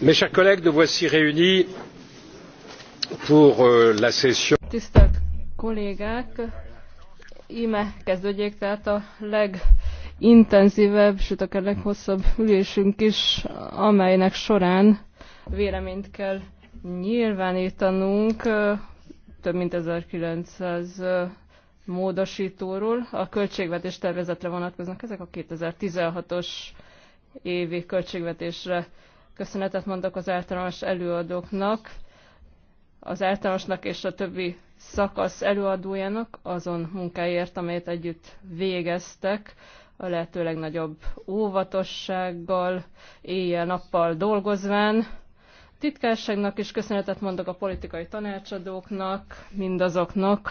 Mes chers collègues, nous voici réunis pour euh, la session. Tisztelt kollégák, ime kezdődjék tehát a legintenzívebb, sőt akár leghosszabb ülésünk is, amelynek során véleményt kell nyilvánítanunk több mint 1900 módosítóról. A költségvetés tervezetre vonatkoznak ezek a 2016-os évi költségvetésre. Köszönetet mondok az általános előadóknak, az általánosnak és a többi szakasz előadójának azon munkáért, amelyet együtt végeztek, a lehető legnagyobb óvatossággal, éjjel-nappal dolgozván. Titkárságnak is köszönetet mondok a politikai tanácsadóknak, mindazoknak,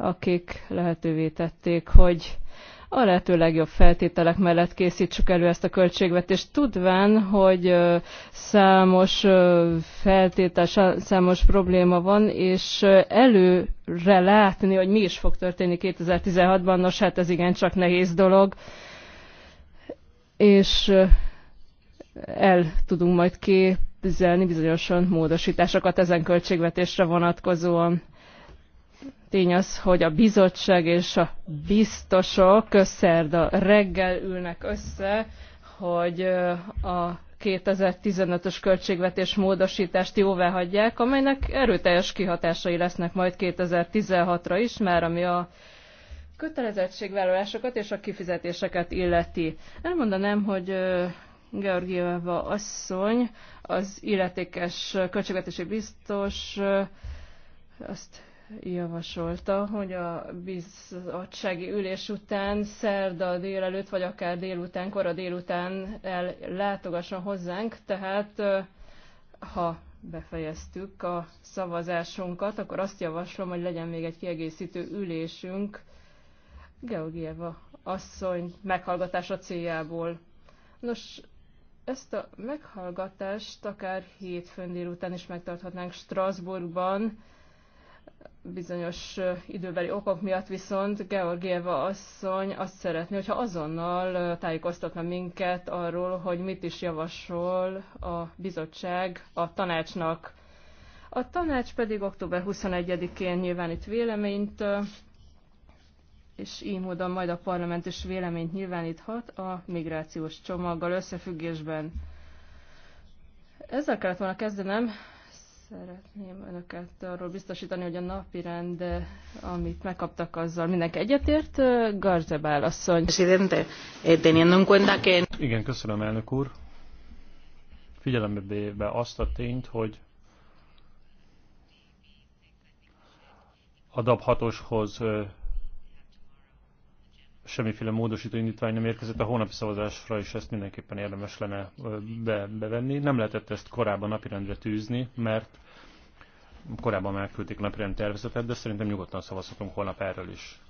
akik lehetővé tették, hogy a lehető legjobb feltételek mellett készítsük elő ezt a költségvetést, tudván, hogy számos feltétel, számos probléma van, és előre látni, hogy mi is fog történni 2016-ban, nos hát ez igen csak nehéz dolog, és el tudunk majd képzelni bizonyosan módosításokat ezen költségvetésre vonatkozóan. Tény az, hogy a bizottság és a biztosok szerda reggel ülnek össze, hogy a 2015-ös költségvetés módosítást jóvá hagyják, amelynek erőteljes kihatásai lesznek majd 2016-ra is, már ami a kötelezettségvállalásokat és a kifizetéseket illeti. Elmondanám, hogy Georgieva asszony, az illetékes költségvetési biztos azt javasolta, hogy a bizottsági ülés után, szerda délelőtt, vagy akár délután, kora délután el, látogasson hozzánk, tehát ha befejeztük a szavazásunkat, akkor azt javaslom, hogy legyen még egy kiegészítő ülésünk Georgieva asszony meghallgatása céljából. Nos, ezt a meghallgatást akár hétfőn délután is megtarthatnánk Strasbourgban, bizonyos időbeli okok miatt viszont Georgieva asszony azt szeretné, hogyha azonnal tájékoztatna minket arról, hogy mit is javasol a bizottság a tanácsnak. A tanács pedig október 21-én nyilvánít véleményt, és így módon majd a parlament is véleményt nyilváníthat a migrációs csomaggal összefüggésben. Ezzel kellett volna kezdenem, Szeretném önöket arról biztosítani, hogy a napi rend, amit megkaptak, azzal mindenki egyetért. Garzebál asszony. Eh, Igen, köszönöm, elnök úr. Figyelembe véve azt a tényt, hogy a DAB 6-oshoz eh, semmiféle módosító indítvány nem érkezett, a hónapi szavazásra is ezt mindenképpen érdemes lenne be, bevenni. Nem lehetett ezt korábban napirendre tűzni, mert korábban elküldték a napirend tervezetet, de szerintem nyugodtan szavazhatunk holnap erről is.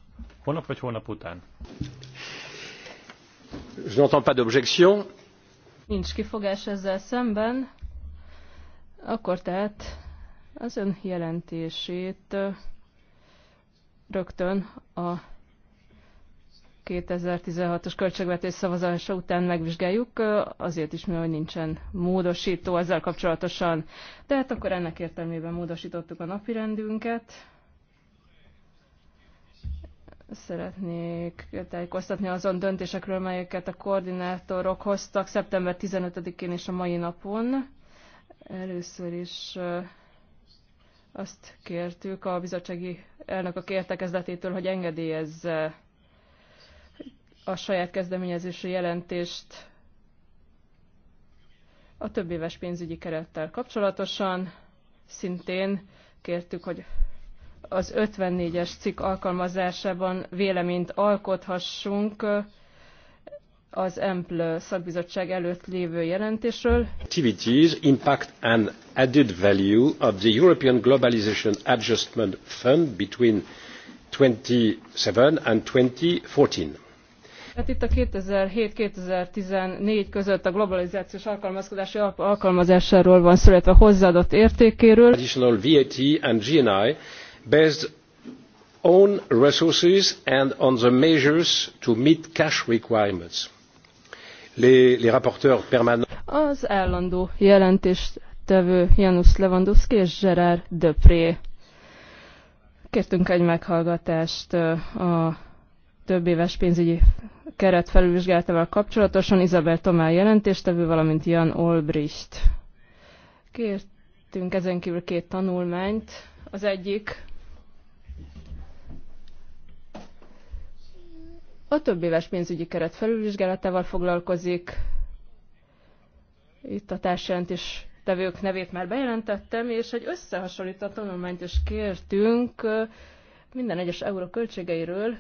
Holnap vagy holnap után? Je n'entends pas d'objection. Nincs kifogás ezzel szemben. Akkor tehát az ön jelentését rögtön a 2016-os költségvetés szavazása után megvizsgáljuk, azért is, mert nincsen módosító ezzel kapcsolatosan. Tehát akkor ennek értelmében módosítottuk a rendünket. Szeretnék tájékoztatni azon döntésekről, melyeket a koordinátorok hoztak szeptember 15-én és a mai napon. Először is azt kértük a bizottsági elnökök értekezletétől, hogy engedélyezze a saját kezdeményezési jelentést a több éves pénzügyi kerettel kapcsolatosan. Szintén kértük, hogy az 54-es cikk alkalmazásában véleményt alkothassunk az EMPL szakbizottság előtt lévő jelentésről. Activities, impact and added value of the European Globalization Adjustment Fund between 27 and 2014 Hát itt a 2007-2014 között a globalizációs alkalmazkodási alkalmazásáról van szó, a hozzáadott értékéről. Additional VAT and GNI based on resources and on the measures to meet cash requirements. Les, les rapporteurs permanents. Az állandó jelentést tevő Janusz Lewandowski és Gerard Döpré. Kértünk egy meghallgatást a több éves pénzügyi keret felülvizsgálatával kapcsolatosan Izabel Tomá jelentéstevő, valamint Jan Olbricht. Kértünk ezen kívül két tanulmányt. Az egyik a több éves pénzügyi keret felülvizsgálatával foglalkozik. Itt a társjelentés tevők nevét már bejelentettem, és egy összehasonlított tanulmányt is kértünk minden egyes euró költségeiről,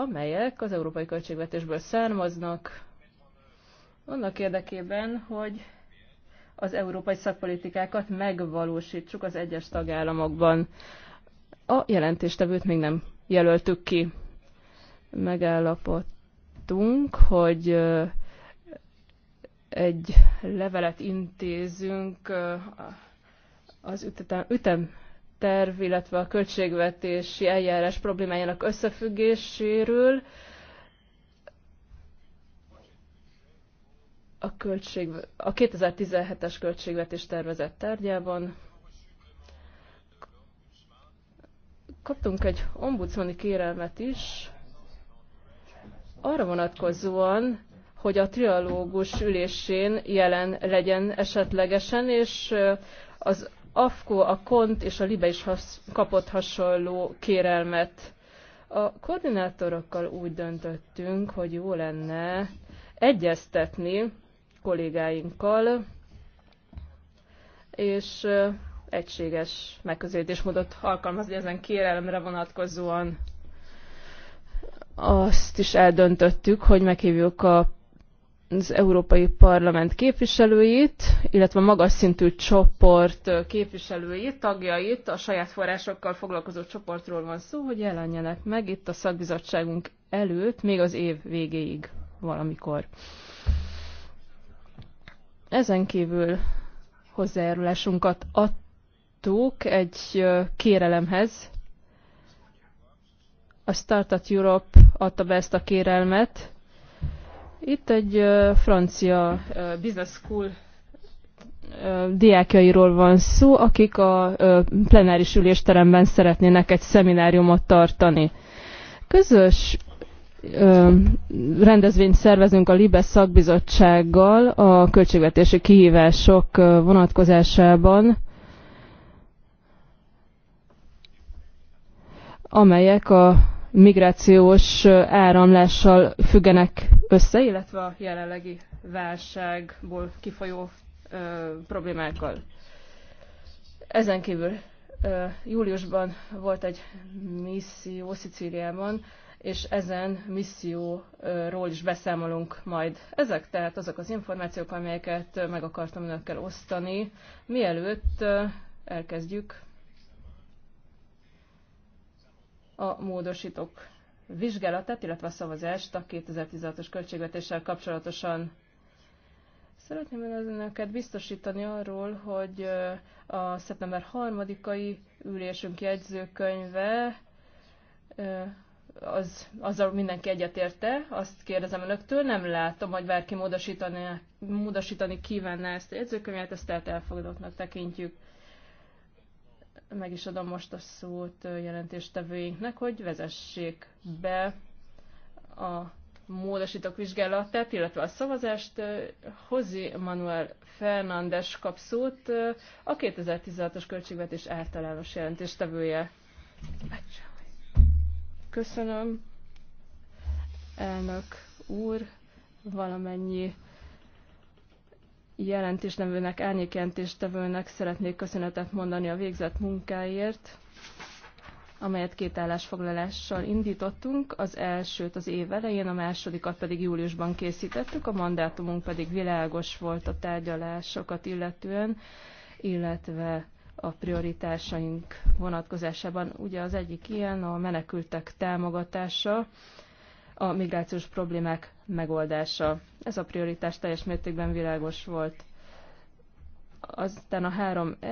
amelyek az európai költségvetésből származnak, annak érdekében, hogy az európai szakpolitikákat megvalósítsuk az egyes tagállamokban. A jelentéstevőt még nem jelöltük ki. Megállapodtunk, hogy egy levelet intézünk az ütem, ütem terv, illetve a költségvetési eljárás problémájának összefüggéséről. A, költség, a 2017-es költségvetés tervezett tárgyában kaptunk egy ombudsmani kérelmet is, arra vonatkozóan, hogy a trialógus ülésén jelen legyen esetlegesen, és az AFKO, a KONT és a LIBE is hasz, kapott hasonló kérelmet. A koordinátorokkal úgy döntöttünk, hogy jó lenne egyeztetni kollégáinkkal, és egységes megközelítésmódot alkalmazni ezen kérelemre vonatkozóan. Azt is eldöntöttük, hogy meghívjuk a az Európai Parlament képviselőit, illetve magas szintű csoport képviselőit, tagjait, a saját forrásokkal foglalkozó csoportról van szó, hogy jelenjenek meg itt a szakbizottságunk előtt, még az év végéig valamikor. Ezen kívül hozzájárulásunkat adtuk egy kérelemhez. A Startup Europe adta be ezt a kérelmet, itt egy francia business school diákjairól van szó, akik a plenáris ülésteremben szeretnének egy szemináriumot tartani. Közös rendezvényt szervezünk a LIBE szakbizottsággal a költségvetési kihívások vonatkozásában, amelyek a migrációs áramlással függenek össze, illetve a jelenlegi válságból kifolyó ö, problémákkal. Ezen kívül ö, júliusban volt egy misszió Szicíliában, és ezen misszióról is beszámolunk majd. Ezek tehát azok az információk, amelyeket meg akartam önökkel osztani, mielőtt elkezdjük a módosítók vizsgálatát, illetve a szavazást a 2016-os költségvetéssel kapcsolatosan. Szeretném önöket biztosítani arról, hogy a szeptember 3-ai ülésünk jegyzőkönyve az, azzal mindenki egyetérte, azt kérdezem önöktől, nem látom, hogy bárki módosítani, módosítani kívánná ezt a jegyzőkönyvet, ezt tehát elfogadottnak tekintjük meg is adom most a szót jelentéstevőinknek, hogy vezessék be a módosítók vizsgálatát, illetve a szavazást Hozi Manuel Fernandes kap szót, a 2016-os költségvetés általános jelentéstevője. Köszönöm, elnök úr, valamennyi jelentéstevőnek, árnyékjelentéstevőnek szeretnék köszönetet mondani a végzett munkáért, amelyet két állásfoglalással indítottunk. Az elsőt az év elején, a másodikat pedig júliusban készítettük, a mandátumunk pedig világos volt a tárgyalásokat illetően, illetve a prioritásaink vonatkozásában. Ugye az egyik ilyen a menekültek támogatása, a migrációs problémák megoldása. Ez a prioritás teljes mértékben világos volt. Aztán a 3E,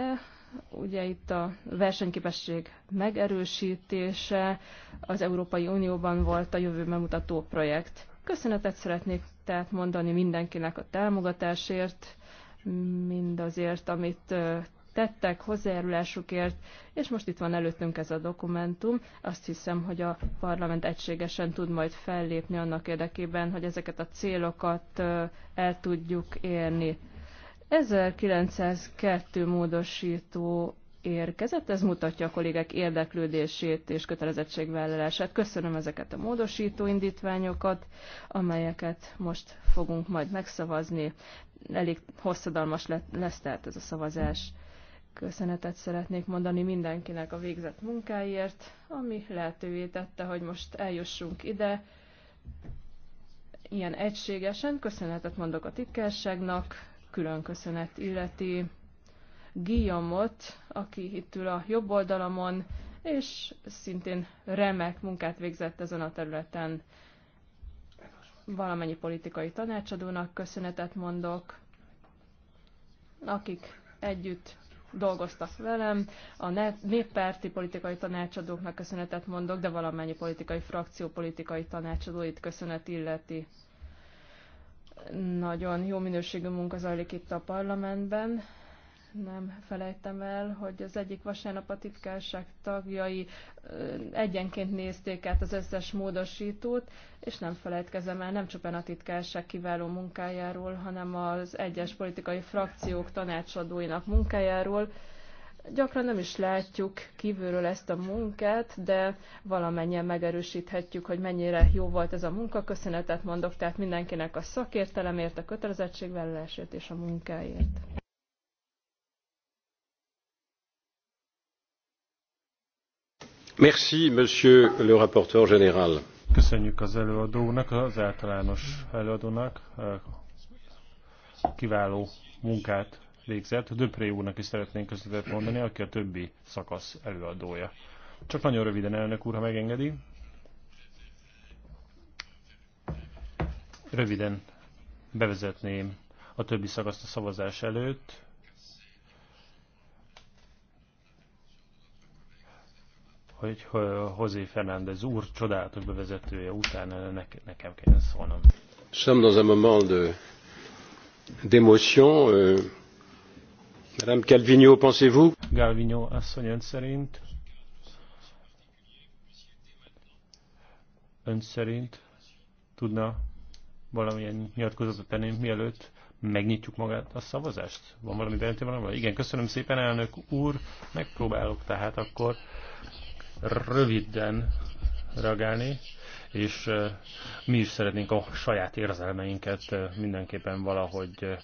ugye itt a versenyképesség megerősítése az Európai Unióban volt a jövőben mutató projekt. Köszönetet szeretnék tehát mondani mindenkinek a támogatásért, mindazért, amit tettek hozzájárulásukért, és most itt van előttünk ez a dokumentum. Azt hiszem, hogy a parlament egységesen tud majd fellépni annak érdekében, hogy ezeket a célokat el tudjuk érni. 1902 módosító érkezett, ez mutatja a kollégek érdeklődését és kötelezettségvállalását. Köszönöm ezeket a módosító indítványokat, amelyeket most fogunk majd megszavazni. Elég hosszadalmas lesz tehát ez a szavazás köszönetet szeretnék mondani mindenkinek a végzett munkáért, ami lehetővé tette, hogy most eljussunk ide. Ilyen egységesen köszönetet mondok a titkárságnak, külön köszönet illeti guillaume aki itt ül a jobb oldalamon, és szintén remek munkát végzett ezen a területen. Valamennyi politikai tanácsadónak köszönetet mondok, akik együtt dolgoztak velem. A néppárti politikai tanácsadóknak köszönetet mondok, de valamennyi politikai frakció politikai tanácsadóit köszönet illeti. Nagyon jó minőségű munka zajlik itt a parlamentben, nem felejtem el, hogy az egyik vasárnap a titkárság tagjai egyenként nézték át az összes módosítót, és nem felejtkezem el nem csupán a titkárság kiváló munkájáról, hanem az egyes politikai frakciók tanácsadóinak munkájáról. Gyakran nem is látjuk kívülről ezt a munkát, de valamennyien megerősíthetjük, hogy mennyire jó volt ez a munka. Köszönetet mondok tehát mindenkinek a szakértelemért, a kötelezettségvállalásért és a munkáért. Merci, monsieur le rapporteur général. Köszönjük az előadónak, az általános előadónak. Kiváló munkát végzett. Döpré úrnak is szeretnénk köszönetet mondani, aki a többi szakasz előadója. Csak nagyon röviden, elnök úr, ha megengedi. Röviden bevezetném a többi szakaszt a szavazás előtt. hogy Hozé Fernández úr csodálatos bevezetője után ne, nekem kell szólnom. Sommes dans un moment de d'émotion. Euh, Madame Calvino, pensez-vous? Calvino asszony ön szerint. Ön szerint tudna valamilyen nyilatkozatot tenni, mielőtt megnyitjuk magát a szavazást? Van valami bejelentő valami? Igen, köszönöm szépen, elnök úr. Megpróbálok tehát akkor röviden reagálni, és mi is szeretnénk a saját érzelmeinket mindenképpen valahogy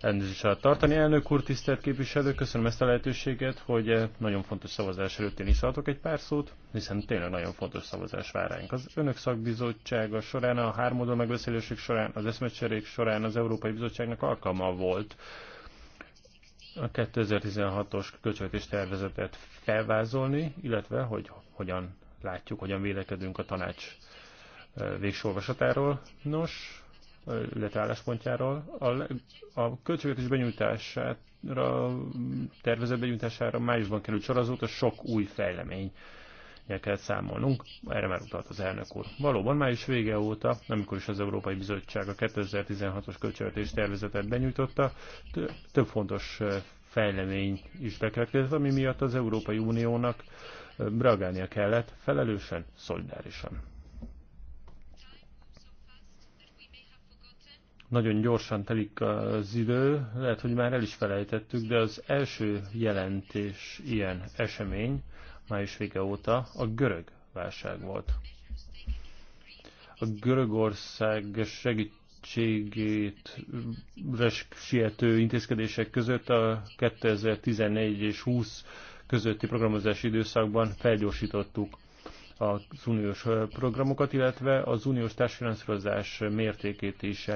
elnézést tartani. Elnök úr, tisztelt képviselő, köszönöm ezt a lehetőséget, hogy nagyon fontos szavazás előtt én is adok egy pár szót, hiszen tényleg nagyon fontos szavazás vár ránk. Az önök szakbizottsága során, a hármódon megbeszélésük során, az eszmecserék során az Európai Bizottságnak alkalma volt a 2016-os költségvetés tervezetet felvázolni, illetve hogy hogyan látjuk, hogyan vélekedünk a tanács végső olvasatáról. Nos, illetve álláspontjáról. A, a költségvetés benyújtására, tervezett benyújtására májusban került sor, azóta sok új fejlemény el kellett számolnunk, erre már utalt az elnök úr. Valóban május vége óta, amikor is az Európai Bizottság a 2016-os költségvetés tervezetet benyújtotta, több fontos fejlemény is bekövetkezett, ami miatt az Európai Uniónak reagálnia kellett felelősen, szolidárisan. Nagyon gyorsan telik az idő, lehet, hogy már el is felejtettük, de az első jelentés ilyen esemény, május vége óta a görög válság volt. A Görögország segítségét siető intézkedések között a 2014 és 20 közötti programozási időszakban felgyorsítottuk az uniós programokat, illetve az uniós társfinanszírozás mértékét is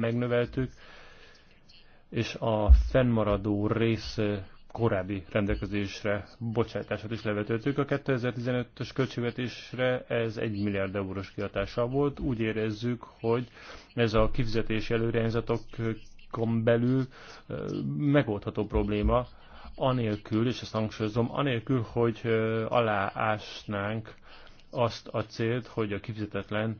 megnöveltük, és a fennmaradó rész korábbi rendelkezésre bocsátását is levetőtük. A 2015-ös költségvetésre ez 1 milliárd eurós kiadása volt. Úgy érezzük, hogy ez a kifizetési előirányzatokon belül megoldható probléma, anélkül, és ezt hangsúlyozom, anélkül, hogy aláásnánk azt a célt, hogy a kifizetetlen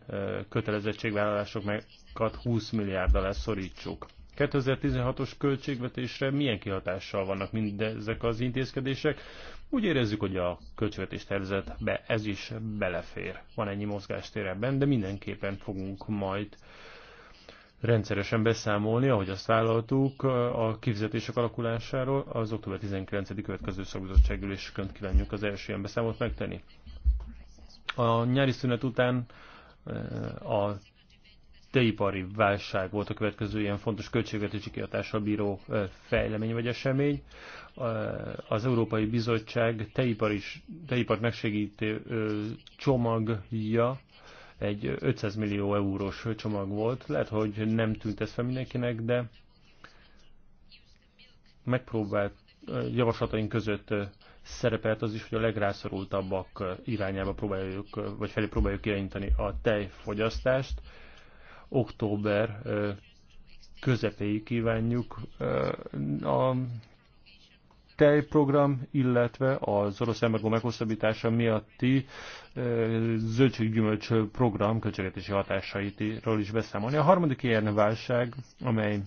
kötelezettségvállalásokat 20 milliárddal leszorítsuk. 2016-os költségvetésre milyen kihatással vannak mindezek az intézkedések. Úgy érezzük, hogy a költségvetés tervezetbe ez is belefér. Van ennyi mozgástér ebben, de mindenképpen fogunk majd rendszeresen beszámolni, ahogy azt vállaltuk, a kifizetések alakulásáról az október 19. következő szakbizottságülésükön kívánjuk az első ilyen beszámolt megtenni. A nyári szünet után eh, a teipari válság volt a következő ilyen fontos költségvetési kiadással bíró fejlemény vagy esemény. Az Európai Bizottság teipar teipart megsegítő csomagja egy 500 millió eurós csomag volt. Lehet, hogy nem tűnt ez fel mindenkinek, de megpróbált javaslataink között szerepelt az is, hogy a legrászorultabbak irányába próbáljuk, vagy felé próbáljuk irányítani a tejfogyasztást október közepéig kívánjuk a tejprogram, illetve az orosz embargó meghosszabbítása miatti zöldséggyümölcs program költségvetési hatásaitról is beszámolni. A harmadik ilyen válság, amely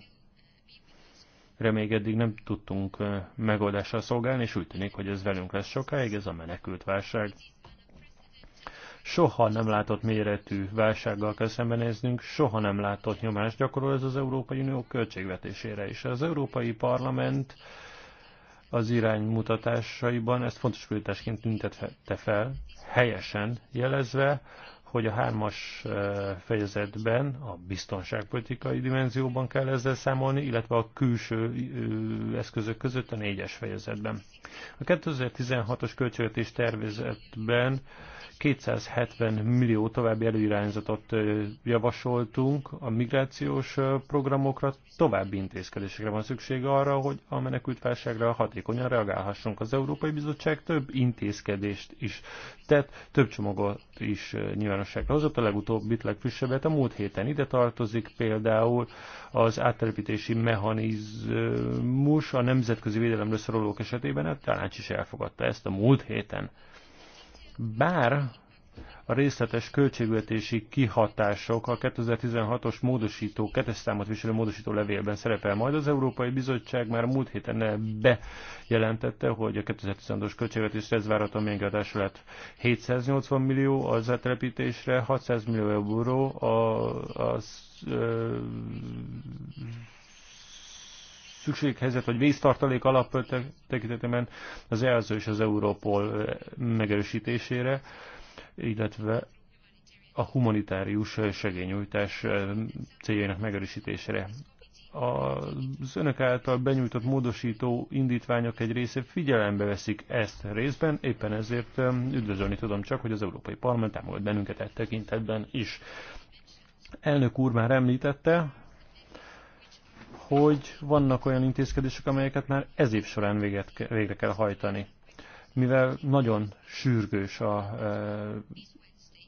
még eddig nem tudtunk megoldással szolgálni, és úgy tűnik, hogy ez velünk lesz sokáig, ez a menekült válság soha nem látott méretű válsággal kell szembenéznünk, soha nem látott nyomást gyakorol ez az Európai Unió költségvetésére is. Az Európai Parlament az iránymutatásaiban ezt fontos prioritásként tüntette fel, helyesen jelezve, hogy a hármas eh, fejezetben, a biztonságpolitikai dimenzióban kell ezzel számolni, illetve a külső eh, eszközök között a négyes fejezetben. A 2016-os költségvetés tervezetben 270 millió további előirányzatot javasoltunk a migrációs programokra, további intézkedésekre van szükség arra, hogy a menekültválságra hatékonyan reagálhassunk. Az Európai Bizottság több intézkedést is tett, több csomagot is nyilvánosságra hozott, a legutóbbit, legfrissebbet a múlt héten ide tartozik például az áttelepítési mechanizmus a nemzetközi védelemről szorulók esetében, a tanács is elfogadta ezt a múlt héten. Bár a részletes költségvetési kihatások a 2016-os módosító, kettes számot viselő módosító levélben szerepel majd. Az Európai Bizottság már múlt héten bejelentette, hogy a 2016-os költségvetésre ez várhatóan lett 780 millió, az átrepítésre 600 millió euró, a, a, a szükséghelyzet vagy víztartalék alap tekintetében az ELSZ és az Európol megerősítésére, illetve a humanitárius segélynyújtás céljainak megerősítésére. Az önök által benyújtott módosító indítványok egy része figyelembe veszik ezt részben, éppen ezért üdvözölni tudom csak, hogy az Európai Parlament támogat bennünket e tekintetben is. Elnök úr már említette, hogy vannak olyan intézkedések, amelyeket már ez év során véget, végre kell hajtani. Mivel nagyon sürgős a e, eh,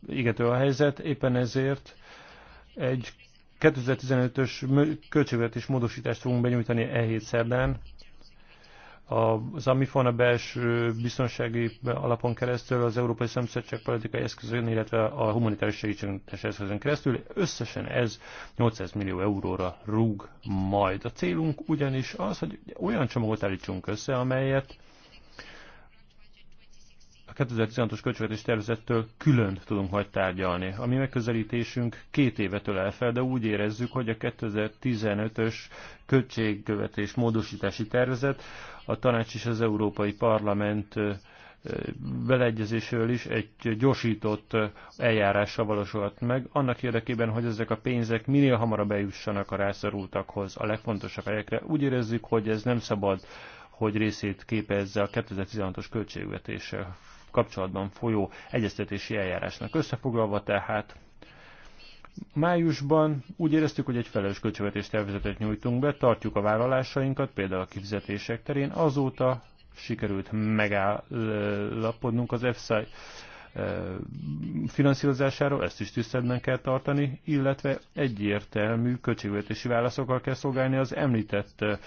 égető a helyzet, éppen ezért egy 2015-ös költségvetés módosítást fogunk benyújtani e hét szerdán, az Amifon a belső biztonsági alapon keresztül, az Európai Szomszédság politikai eszközön, illetve a humanitárius segítségnyújtás eszközön keresztül. Összesen ez 800 millió euróra rúg majd. A célunk ugyanis az, hogy olyan csomagot állítsunk össze, amelyet a 2016-os költségvetés tervezettől külön tudunk majd tárgyalni. A mi megközelítésünk két évetől elfel, de úgy érezzük, hogy a 2015-ös költségvetés módosítási tervezet a tanács és az Európai Parlament beleegyezésével is egy gyorsított eljárással valósulhat meg, annak érdekében, hogy ezek a pénzek minél hamarabb eljussanak a rászorultakhoz, a legfontosabb helyekre. Úgy érezzük, hogy ez nem szabad, hogy részét képezze a 2016-os költségvetéssel kapcsolatban folyó egyeztetési eljárásnak. Összefoglalva tehát Májusban úgy éreztük, hogy egy felelős költségvetés tervezetet nyújtunk be, tartjuk a vállalásainkat, például a kifizetések terén. Azóta sikerült megállapodnunk az EFSA eh, finanszírozásáról, ezt is tiszteletben kell tartani, illetve egyértelmű költségvetési válaszokkal kell szolgálni az említett eh,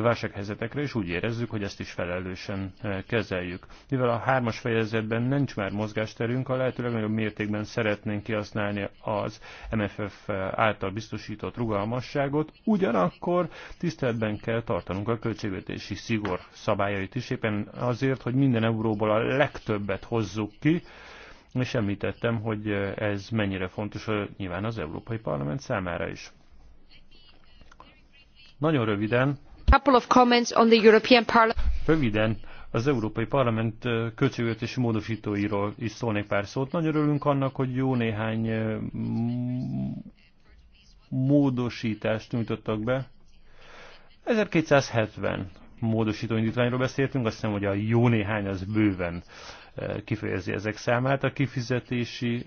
válsághelyzetekre, és úgy érezzük, hogy ezt is felelősen eh, kezeljük. Mivel a hármas fejezetben nincs már mozgásterünk, a lehető legnagyobb mértékben szeretnénk kihasználni az MFF által biztosított rugalmasságot, ugyanakkor tiszteletben kell tartanunk a költségvetési szigor szabályait is, éppen azért, hogy minden euróból a legtöbbet hozzuk ki, és említettem, hogy eh, ez mennyire fontos eh, nyilván az Európai Parlament számára is. Nagyon röviden Röviden az Európai Parlament költségvetési módosítóiról is szólnék pár szót. Nagyon örülünk annak, hogy jó néhány módosítást nyújtottak be. 1270 módosító indítványról beszéltünk, azt hiszem, hogy a jó néhány az bőven kifejezi ezek számát. A kifizetési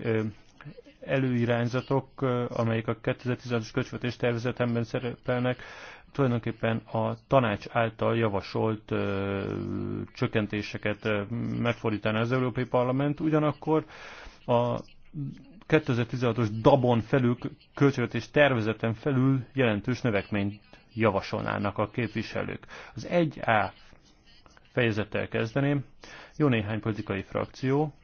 előirányzatok, amelyek a 2016-os költségvetés tervezetemben szerepelnek, tulajdonképpen a tanács által javasolt ö, csökkentéseket ö, megfordítani az Európai Parlament, ugyanakkor a 2016-os DABON felül, költségvetés tervezeten felül jelentős növekményt javasolnának a képviselők. Az 1A fejezettel kezdeném. Jó néhány politikai frakció,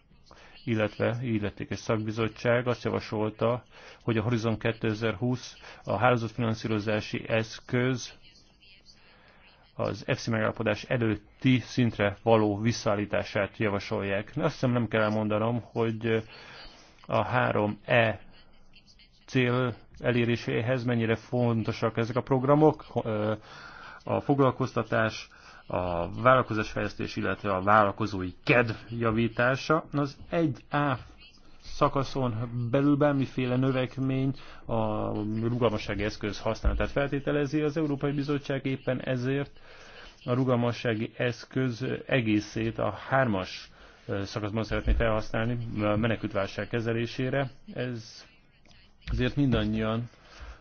illetve illetékes szakbizottság azt javasolta, hogy a Horizon 2020 a hálózatfinanszírozási eszköz az EFSI megállapodás előtti szintre való visszaállítását javasolják. Azt hiszem nem kell elmondanom, hogy a 3E cél eléréséhez mennyire fontosak ezek a programok, a foglalkoztatás, a fejlesztés, illetve a vállalkozói kedv javítása. Az egy a szakaszon belül bármiféle növekmény a rugalmassági eszköz használatát feltételezi. Az Európai Bizottság éppen ezért a rugalmassági eszköz egészét a hármas szakaszban szeretné felhasználni menekültválság kezelésére. Ez azért mindannyian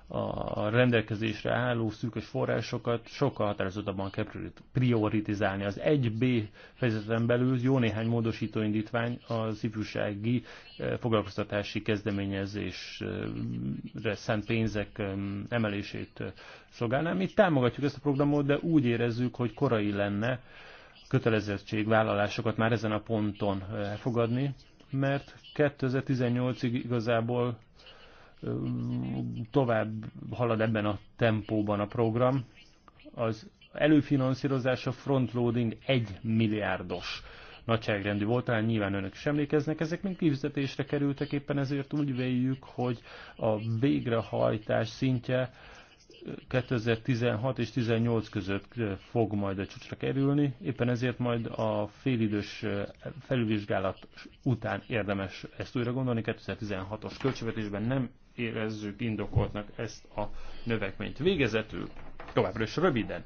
a rendelkezésre álló szűkös forrásokat sokkal határozottabban kell prioritizálni. Az 1B fejezeten belül jó néhány módosítóindítvány indítvány az ifjúsági eh, foglalkoztatási kezdeményezésre szánt pénzek emelését eh, szolgálná. Mi támogatjuk ezt a programot, de úgy érezzük, hogy korai lenne kötelezettségvállalásokat már ezen a ponton eh, elfogadni, mert 2018-ig igazából tovább halad ebben a tempóban a program. Az a frontloading egy milliárdos nagyságrendű volt, talán nyilván önök is emlékeznek, ezek mind kifizetésre kerültek, éppen ezért úgy véljük, hogy a végrehajtás szintje 2016 és 18 között fog majd a csúcsra kerülni, éppen ezért majd a félidős felülvizsgálat után érdemes ezt újra gondolni, 2016-os költségvetésben nem érezzük indokoltnak ezt a növekményt. Végezetül, továbbra is röviden,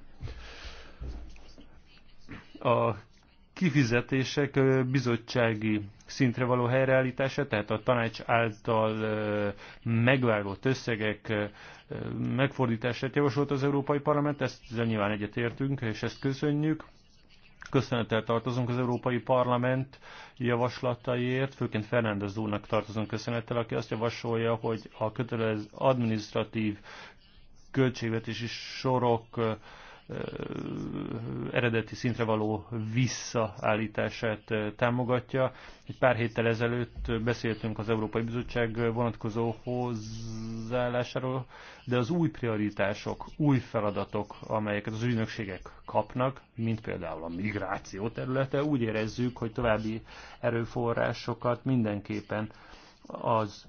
a kifizetések bizottsági szintre való helyreállítása, tehát a tanács által megvágott összegek megfordítását javasolt az Európai Parlament, ezt nyilván egyetértünk, és ezt köszönjük köszönettel tartozunk az Európai Parlament javaslataiért, főként Fernández úrnak tartozunk köszönettel, aki azt javasolja, hogy a kötelező administratív költségvetési sorok eredeti szintre való visszaállítását támogatja. Egy pár héttel ezelőtt beszéltünk az Európai Bizottság vonatkozó hozzáállásáról, de az új prioritások, új feladatok, amelyeket az ügynökségek kapnak, mint például a migráció területe, úgy érezzük, hogy további erőforrásokat mindenképpen az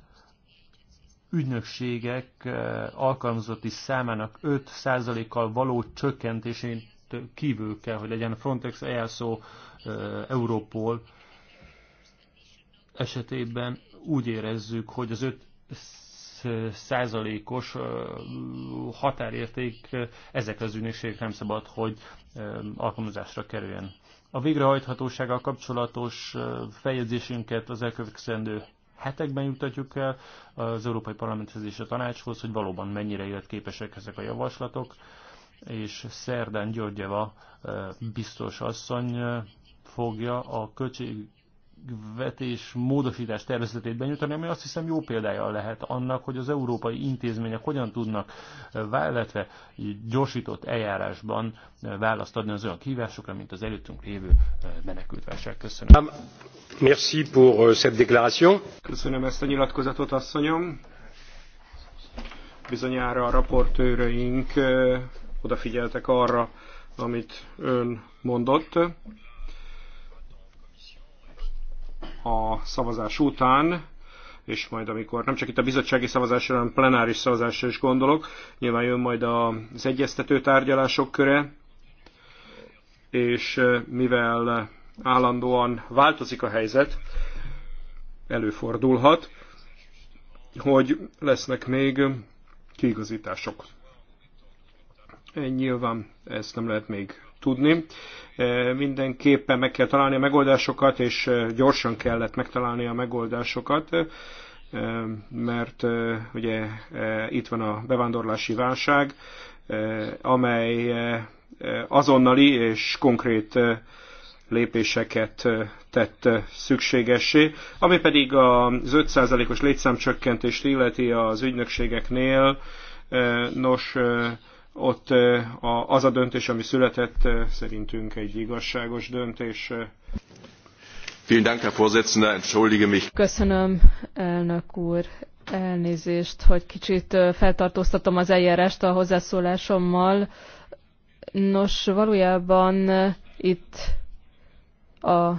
ügynökségek eh, alkalmazotti számának 5%-kal való csökkentésén kívül kell, hogy legyen Frontex, ELSO, Európol eh, esetében úgy érezzük, hogy az 5 százalékos eh, határérték ezek az ügynökségek nem szabad, hogy alkalmazásra kerüljen. A végrehajthatósággal kapcsolatos feljegyzésünket az elkövetkezendő hetekben jutatjuk el az Európai Parlamenthez és a tanácshoz, hogy valóban mennyire életképesek ezek a javaslatok, és szerdán Györgyeva eh, biztos asszony eh, fogja a költség költségvetés módosítás tervezetét benyújtani, ami azt hiszem jó példája lehet annak, hogy az európai intézmények hogyan tudnak, illetve gyorsított eljárásban választ adni az olyan kihívásokra, mint az előttünk lévő menekültválság. Köszönöm. Um, merci pour euh, cette déclaration. Köszönöm ezt a nyilatkozatot, asszonyom. Bizonyára a raportőröink odafigyeltek arra, amit ön mondott a szavazás után, és majd amikor nem csak itt a bizottsági szavazásra, hanem plenáris szavazásra is gondolok, nyilván jön majd az egyeztető tárgyalások köre, és eh, mivel állandóan változik a helyzet, előfordulhat, hogy lesznek még kiigazítások. Nyilván ezt nem lehet még tudni. E, mindenképpen meg kell találni a megoldásokat, és e, gyorsan kellett megtalálni a megoldásokat, e, mert ugye itt van a bevándorlási válság, amely azonnali és konkrét lépéseket tett szükségessé, ami pedig az 5%-os létszámcsökkentést illeti az ügynökségeknél. Nos, ott az a döntés, ami született, szerintünk egy igazságos döntés. Köszönöm, elnök úr. Elnézést, hogy kicsit feltartóztatom az eljárást a hozzászólásommal. Nos, valójában itt a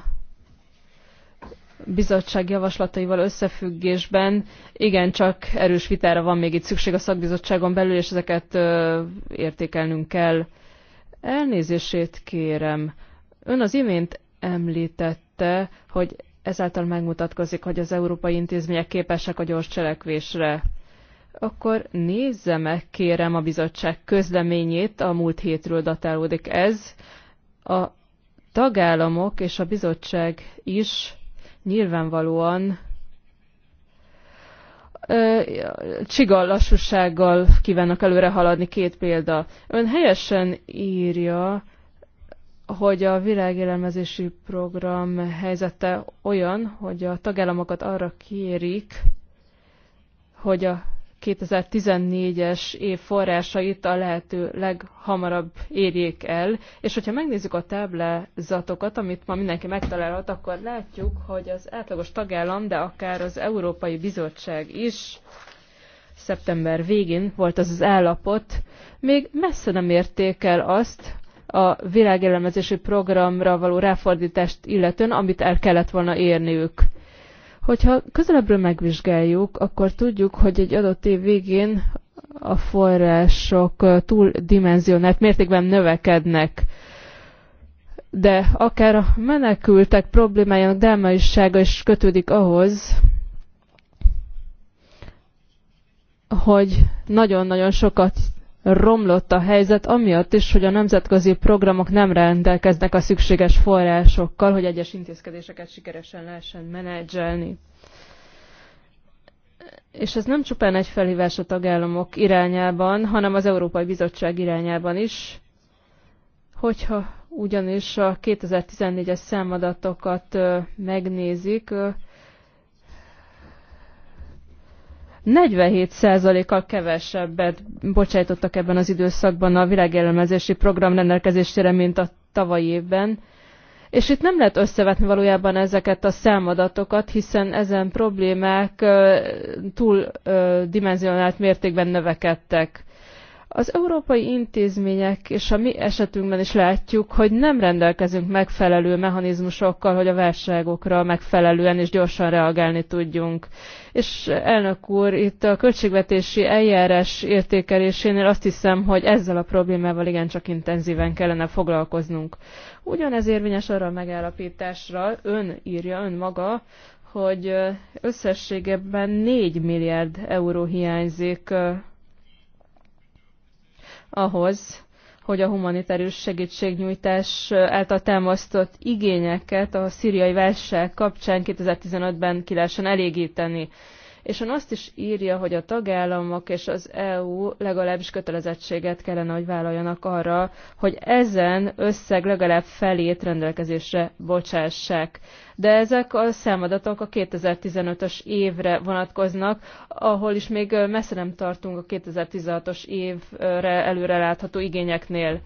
bizottság javaslataival összefüggésben igencsak erős vitára van még itt szükség a szakbizottságon belül, és ezeket ö, értékelnünk kell. Elnézését kérem. Ön az imént említette, hogy ezáltal megmutatkozik, hogy az európai intézmények képesek a gyors cselekvésre. Akkor nézze meg, kérem, a bizottság közleményét, a múlt hétről datálódik ez. A tagállamok és a bizottság is nyilvánvalóan csiga lassúsággal kívánnak előre haladni. Két példa. Ön helyesen írja, hogy a világélelmezési program helyzete olyan, hogy a tagállamokat arra kérik, hogy a 2014-es év forrásait a lehető leghamarabb érjék el. És hogyha megnézzük a táblázatokat, amit ma mindenki megtalálhat, akkor látjuk, hogy az átlagos tagállam, de akár az Európai Bizottság is szeptember végén volt az az állapot, még messze nem érték el azt, a világélemezési programra való ráfordítást illetően, amit el kellett volna érniük. Hogyha közelebbről megvizsgáljuk, akkor tudjuk, hogy egy adott év végén a források túldimenzionált mértékben növekednek. De akár a menekültek problémájának drámaisága is kötődik ahhoz, hogy nagyon-nagyon sokat romlott a helyzet, amiatt is, hogy a nemzetközi programok nem rendelkeznek a szükséges forrásokkal, hogy egyes intézkedéseket sikeresen lehessen menedzselni. És ez nem csupán egy felhívás a tagállamok irányában, hanem az Európai Bizottság irányában is, hogyha ugyanis a 2014-es számadatokat megnézik, 47%-kal kevesebbet bocsájtottak ebben az időszakban a világjellemezési program rendelkezésére, mint a tavalyi évben. És itt nem lehet összevetni valójában ezeket a számadatokat, hiszen ezen problémák túl dimenzionált mértékben növekedtek. Az európai intézmények és a mi esetünkben is látjuk, hogy nem rendelkezünk megfelelő mechanizmusokkal, hogy a válságokra megfelelően és gyorsan reagálni tudjunk. És elnök úr, itt a költségvetési eljárás értékelésénél azt hiszem, hogy ezzel a problémával igencsak intenzíven kellene foglalkoznunk. Ugyanez érvényes arra a megállapításra, ön írja, ön maga, hogy összességében 4 milliárd euró hiányzik ahhoz, hogy a humanitárius segítségnyújtás által támasztott igényeket a szíriai válság kapcsán 2015-ben ki lehessen elégíteni és ön azt is írja, hogy a tagállamok és az EU legalábbis kötelezettséget kellene, hogy vállaljanak arra, hogy ezen összeg legalább felét rendelkezésre bocsássák. De ezek a számadatok a 2015-ös évre vonatkoznak, ahol is még messze nem tartunk a 2016-os évre előrelátható igényeknél.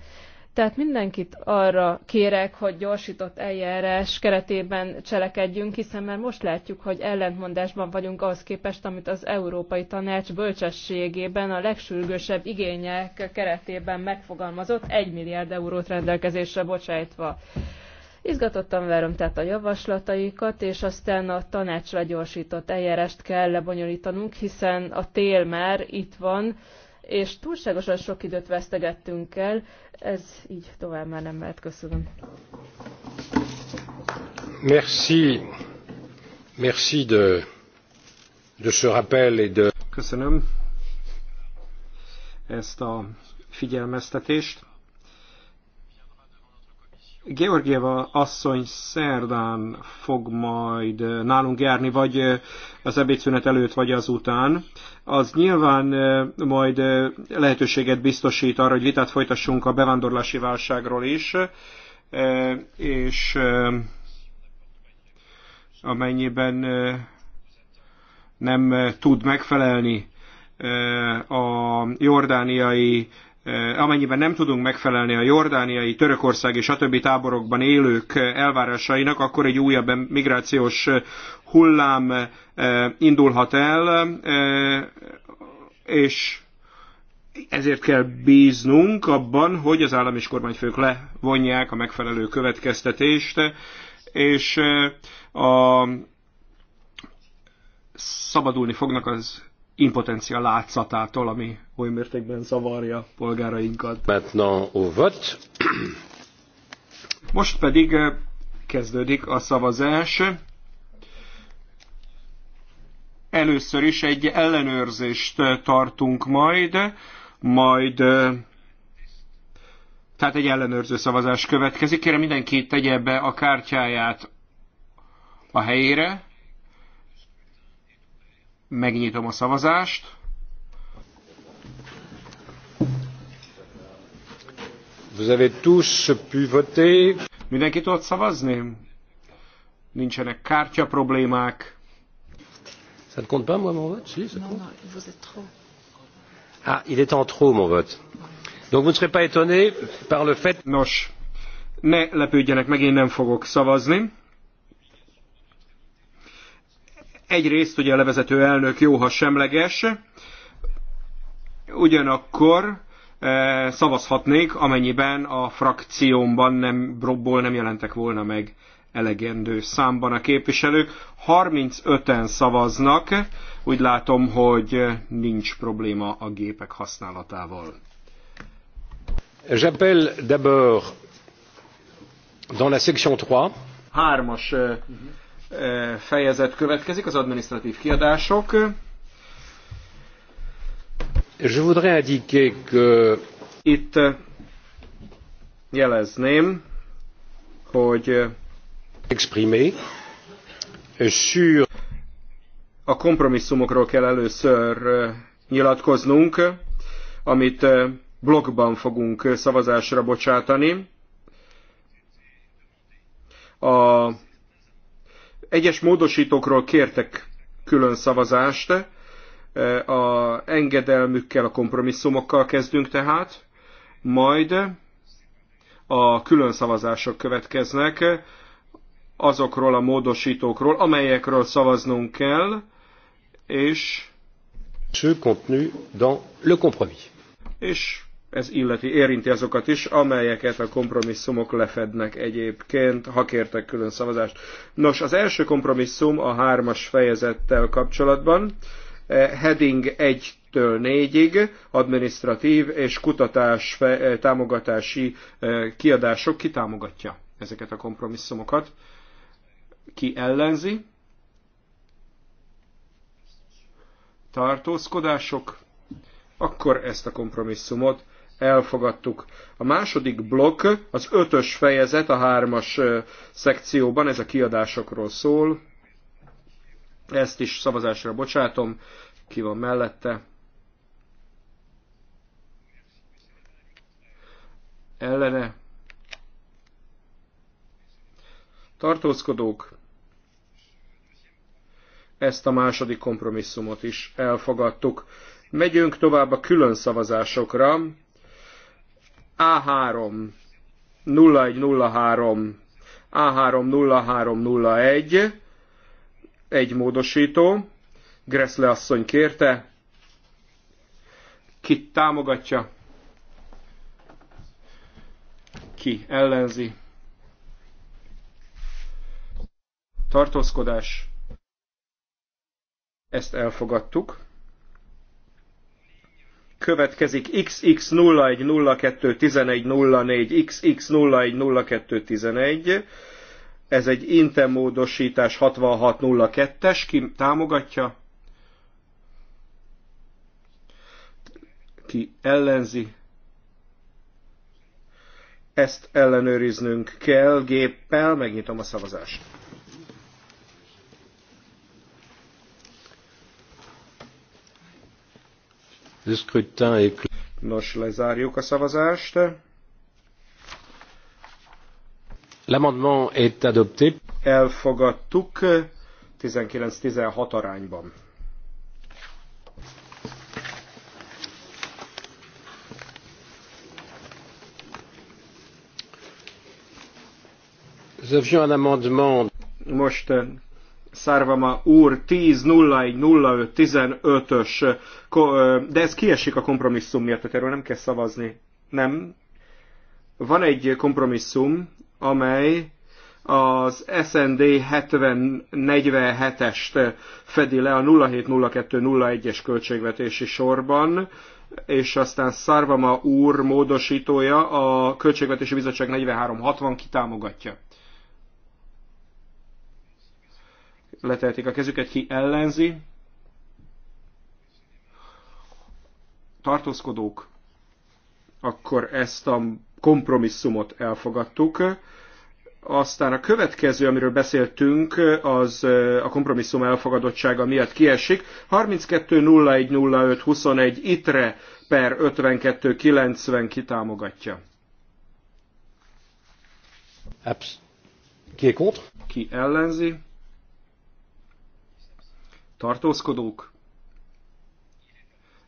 Tehát mindenkit arra kérek, hogy gyorsított eljárás keretében cselekedjünk, hiszen már most látjuk, hogy ellentmondásban vagyunk ahhoz képest, amit az Európai Tanács bölcsességében a legsürgősebb igények keretében megfogalmazott, 1 milliárd eurót rendelkezésre bocsájtva. Izgatottan várom tehát a javaslataikat, és aztán a tanácsra gyorsított eljárást kell lebonyolítanunk, hiszen a tél már itt van, és túlságosan sok időt vesztegettünk el, ez így tovább már nem mehet. Köszönöm. Merci. Merci de, de ce rappel et de... Köszönöm ezt a figyelmeztetést. Georgieva asszony szerdán fog majd eh, nálunk járni, vagy eh, az ebédszünet előtt, vagy azután, az nyilván eh, majd lehetőséget biztosít arra, hogy vitát folytassunk a bevándorlási válságról is, és amennyiben nem tud megfelelni a jordániai amennyiben nem tudunk megfelelni a jordániai, törökországi, stb. táborokban élők elvárásainak, akkor egy újabb migrációs hullám indulhat el, és ezért kell bíznunk abban, hogy az állam és kormányfők levonják a megfelelő következtetést, és a szabadulni fognak az impotencia látszatától, ami oly mértékben zavarja polgárainkat. Most pedig eh, kezdődik a szavazás. Először is egy ellenőrzést eh, tartunk majd, majd eh, tehát egy ellenőrző szavazás következik. Kérem mindenki tegye be a kártyáját a helyére. Megnyitom a szavazást. Vous avez tous pu voter. Mindenki tudott szavazni? Nincsenek kártya problémák. Ça ne compte pas, moi, mon vote? Si, Non, non, vous êtes trop. Ah, il est en trop, mon vote. Donc vous ne serez pas étonné par le fait... Nos, ne lepődjenek meg, én nem fogok szavazni. Egyrészt ugye a levezető elnök jó, ha semleges, ugyanakkor e, szavazhatnék, amennyiben a frakciómban nem, brobból nem jelentek volna meg elegendő számban a képviselők. 35-en szavaznak, úgy látom, hogy nincs probléma a gépek használatával. J'appelle d'abord dans la section 3. Hármas e, fejezet következik, az administratív kiadások. Je voudrais indiquer que... Itt jelezném, hogy exprimé sur a kompromisszumokról kell először nyilatkoznunk, amit blogban fogunk szavazásra bocsátani. A egyes módosítókról kértek külön szavazást, e, a engedelmükkel, a kompromisszumokkal kezdünk tehát, majd a külön szavazások következnek azokról a módosítókról, amelyekről szavaznunk kell, és... Ce contenu dans le compromis. És ez illeti, érinti azokat is, amelyeket a kompromisszumok lefednek egyébként, ha kértek külön szavazást. Nos, az első kompromisszum a hármas fejezettel kapcsolatban, eh, heading 1-től 4-ig, administratív és kutatás eh, támogatási eh, kiadások, ki támogatja ezeket a kompromisszumokat, ki ellenzi, tartózkodások, akkor ezt a kompromisszumot elfogadtuk. A második blokk, az ötös fejezet a hármas szekcióban, ez a kiadásokról szól. Ezt is szavazásra bocsátom. Ki van mellette? Ellene. Tartózkodók. Ezt a második kompromisszumot is elfogadtuk. Megyünk tovább a külön szavazásokra a3 0103 A30301 3 egy módosító, Gressle asszony kérte, ki támogatja, ki ellenzi. Tartózkodás. Ezt elfogadtuk következik xx nulla xx tizenegy. ez egy intemódosítás 6602-es, ki támogatja? Ki ellenzi? Ezt ellenőriznünk kell géppel, megnyitom a szavazást. Le scrutin est clos. Nos, lezárjuk a szavazást. L'amendement est adopté. Elfogadtuk 19-16 arányban. Nous avions un amendement. Most Szárvama úr 10-01-05-15-ös, de ez kiesik a kompromisszum miatt, tehát erről nem kell szavazni. Nem. Van egy kompromisszum, amely az SND 7047-est fedi le a 070201-es költségvetési sorban, és aztán Szárvama úr módosítója a Költségvetési Bizottság 4360 kitámogatja. letehetik a kezüket, ki ellenzi. Tartózkodók, akkor ezt a kompromisszumot elfogadtuk. Aztán a következő, amiről beszéltünk, az a kompromisszum elfogadottsága miatt kiesik. 32.01.05.21 itre per 52.90 kitámogatja. Ki ellenzi? tartózkodók,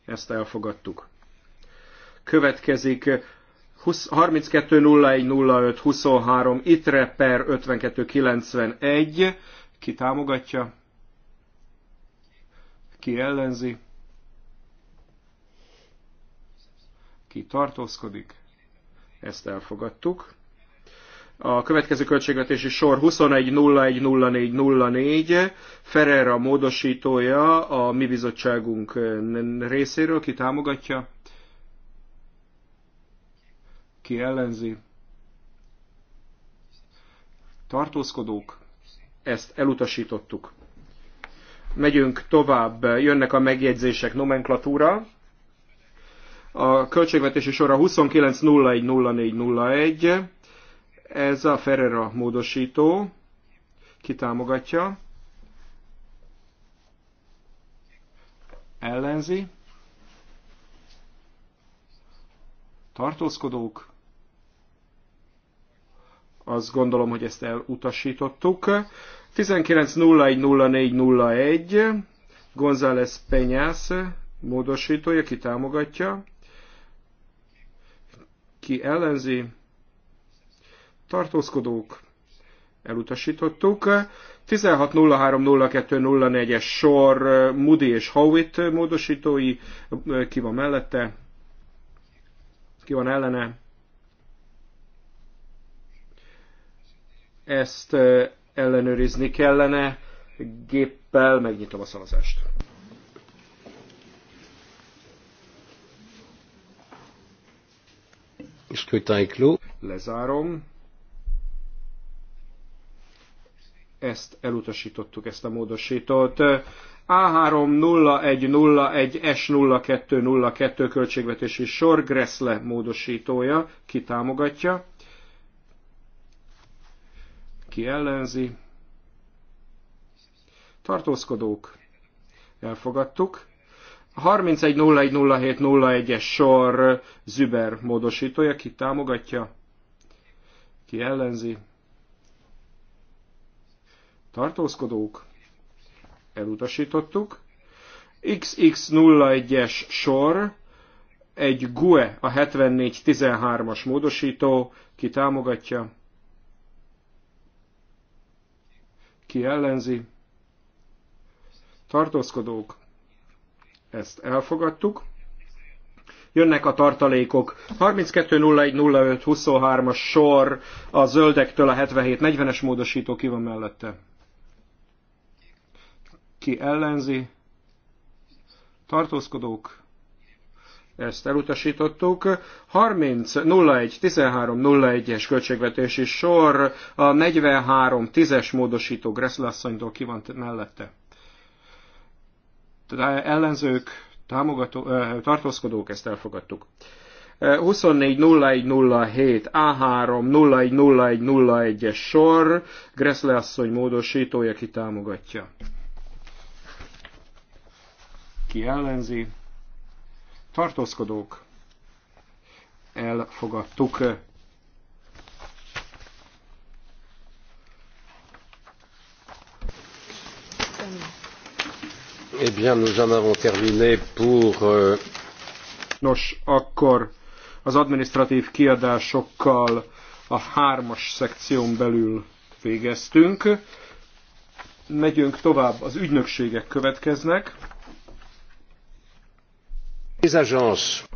ezt elfogadtuk. Következik 32.01.05.23 ITRE per 52.91. Ki támogatja? Ki ellenzi? Ki tartózkodik? Ezt elfogadtuk. A következő költségvetési sor 21010404, Ferrera módosítója a mi bizottságunk részéről, ki támogatja, ki ellenzi. Tartózkodók, ezt elutasítottuk. Megyünk tovább, jönnek a megjegyzések nomenklatúra. A költségvetési sor a 29010401, ez a Ferrera módosító. kitámogatja, Ellenzi? Tartózkodók? Azt gondolom, hogy ezt elutasítottuk. 19.01.04.01 González Penyász módosítója, ki támogatja, ki ellenzi, tartózkodók, elutasítottuk. 16.03.02.04-es sor Moody és Howitt módosítói, ki van mellette, ki van ellene. Ezt ellenőrizni kellene, géppel megnyitom a szavazást. Lezárom. ezt elutasítottuk, ezt a módosítót. A3010S0202 költségvetési sor Gressle módosítója, ki támogatja, ki ellenzi. Tartózkodók, elfogadtuk. 31010701-es sor Züber módosítója, ki támogatja, ki ellenzi tartózkodók, elutasítottuk. XX01-es sor, egy GUE a 7413-as módosító, ki támogatja, ki ellenzi, tartózkodók, ezt elfogadtuk. Jönnek a tartalékok. 32.01.05.23-as sor a zöldektől a 77.40-es módosító ki van mellette ki ellenzi, tartózkodók, ezt elutasítottuk. 30 01 13 01-es költségvetési sor a 43 10-es módosító Gresselasszonytól ki van mellette. Ellenzők, támogató, tartózkodók, ezt elfogadtuk. 24.01.07 A3 01.01.01-es sor, Gressle módosítója ki kitámogatja ki ellenzi, tartózkodók, elfogadtuk. Eh bien, nous en avons terminé pour... Euh... Nos, akkor az administratív kiadásokkal a hármas szekción belül végeztünk. Megyünk tovább, az ügynökségek következnek.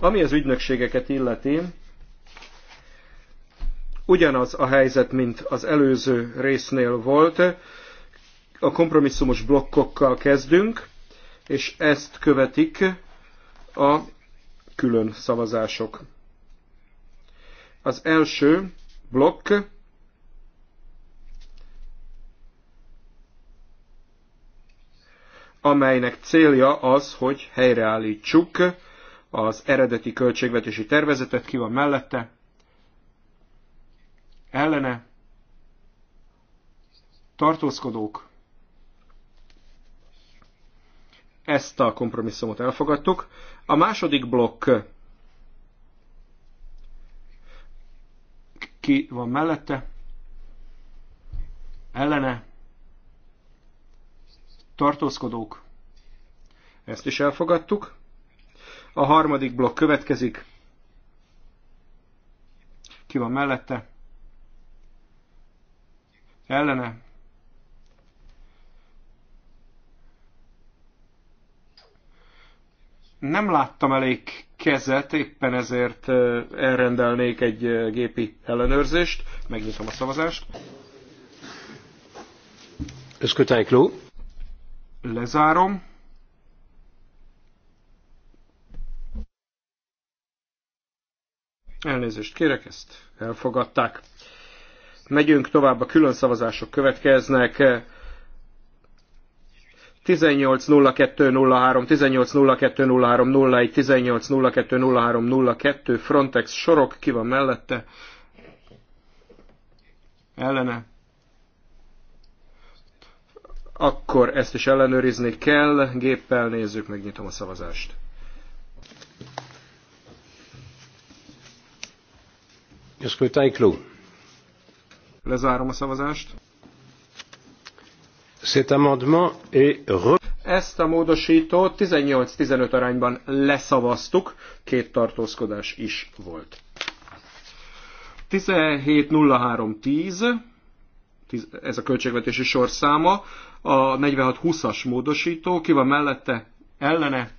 Ami az ügynökségeket illeti, ugyanaz a helyzet, mint az előző résznél volt. A kompromisszumos blokkokkal kezdünk, és ezt követik a külön szavazások. Az első blokk amelynek célja az, hogy helyreállítsuk az eredeti költségvetési tervezetet, ki van mellette, ellene, tartózkodók, ezt a kompromisszumot elfogadtuk. A második blokk ki van mellette, ellene, tartózkodók, ezt is elfogadtuk. A harmadik blokk következik. Ki van mellette? Ellene? Nem láttam elég kezet, éppen ezért elrendelnék egy gépi ellenőrzést. Megnyitom a szavazást. Öszkötájkló. Lezárom. Elnézést kérek, ezt elfogadták. Megyünk tovább, a külön szavazások következnek. 18.02.03, 18.02.03.01, 18.02.03.02, Frontex sorok, ki van mellette? Ellene? Akkor ezt is ellenőrizni kell, géppel nézzük, megnyitom a szavazást. Lezárom a szavazást. Cet amendement est re... Ezt a módosítót 18-15 arányban leszavaztuk, két tartózkodás is volt. 17.03.10, ez a költségvetési sorszáma, a 20 as módosító, ki van mellette, ellene,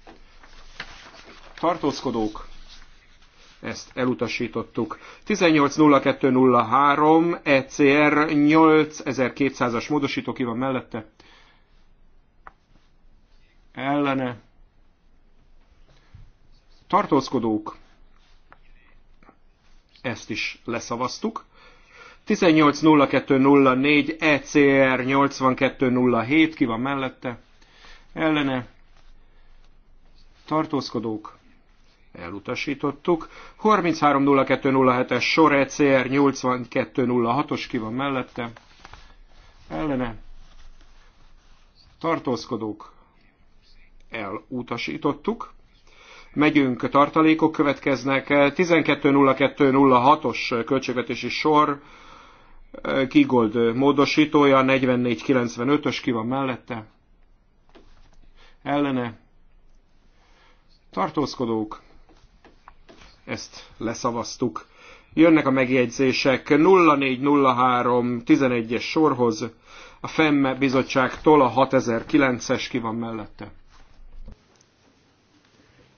tartózkodók, ezt elutasítottuk. 18.02.03 ECR 8200-as módosító ki van mellette. Ellene. Tartózkodók. Ezt is leszavaztuk. 18.02.04 ECR 8207 ki van mellette. Ellene. Tartózkodók elutasítottuk. 33.02.07-es sor ECR 82.06-os ki van mellette. Ellene tartózkodók elutasítottuk. Megyünk, tartalékok következnek. 12.02.06-os költségvetési sor Kigold módosítója, 44.95-ös ki van mellette. Ellene tartózkodók ezt leszavaztuk. Jönnek a megjegyzések 0403 11-es sorhoz, a FEMME bizottságtól a 6009-es ki van mellette.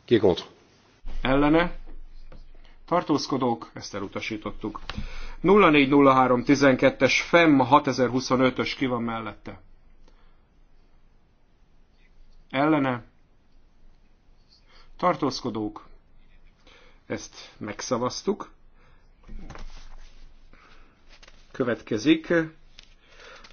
Ki contre? Ellene. Tartózkodók, ezt elutasítottuk. 0403 12-es FEM 6025-ös ki van mellette. Ellene. Tartózkodók, ezt megszavaztuk. Következik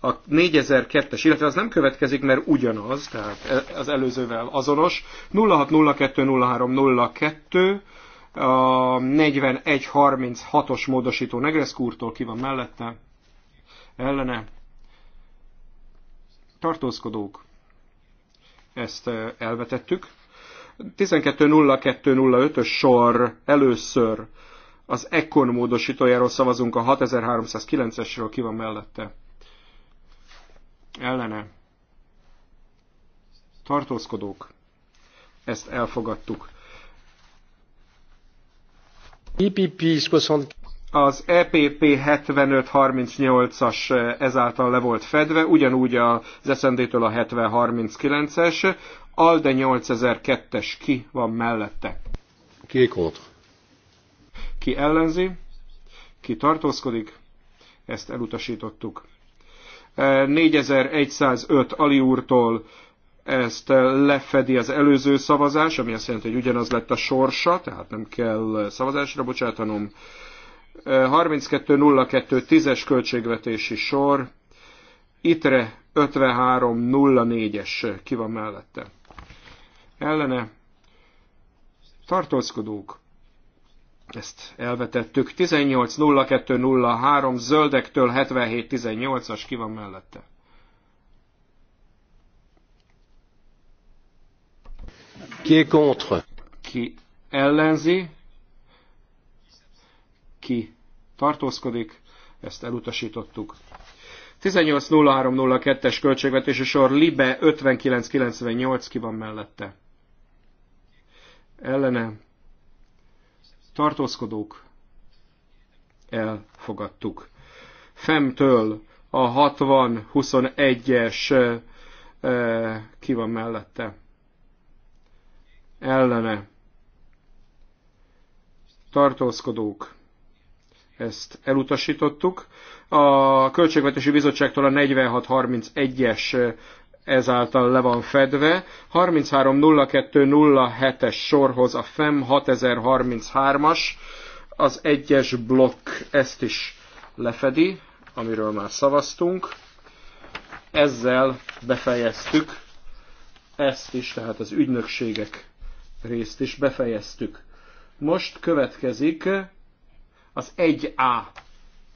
a 4002-es, illetve az nem következik, mert ugyanaz, tehát az előzővel azonos. 0602-0302, a 4136-os módosító Negreszkúrtól ki van mellette, ellene. Tartózkodók, ezt eh, elvetettük. 12.02.05-ös sor először az Econ módosítójáról szavazunk a 6309-esről, ki van mellette? Ellene. Tartózkodók. Ezt elfogadtuk. EPP az EPP 7538-as ezáltal le volt fedve, ugyanúgy az SND-től a 7039-es, Alde 8002-es ki van mellette? Kék volt. Ki ellenzi? Ki tartózkodik? Ezt elutasítottuk. 4105 e, Ali úrtól ezt lefedi az előző szavazás, ami azt jelenti, hogy ugyanaz lett a sorsa, tehát nem kell szavazásra bocsátanom. 3202 e, 10-es költségvetési sor, ITRE 5304-es ki van mellette ellene tartózkodók, ezt elvetettük. 18.02.03 zöldektől 77.18-as ki van mellette. Ki kontra? contre? Ki ellenzi? Ki tartózkodik? Ezt elutasítottuk. 18.03.02-es költségvetési sor Libe 59.98 ki van mellette ellene tartózkodók elfogadtuk. Femtől a 60-21-es eh, ki van mellette? Ellene tartózkodók ezt elutasítottuk. A Költségvetési Bizottságtól a 4631-es ezáltal le van fedve. 330207-es sorhoz a FEM 6033-as, az egyes blokk ezt is lefedi, amiről már szavaztunk. Ezzel befejeztük ezt is, tehát az ügynökségek részt is befejeztük. Most következik az 1A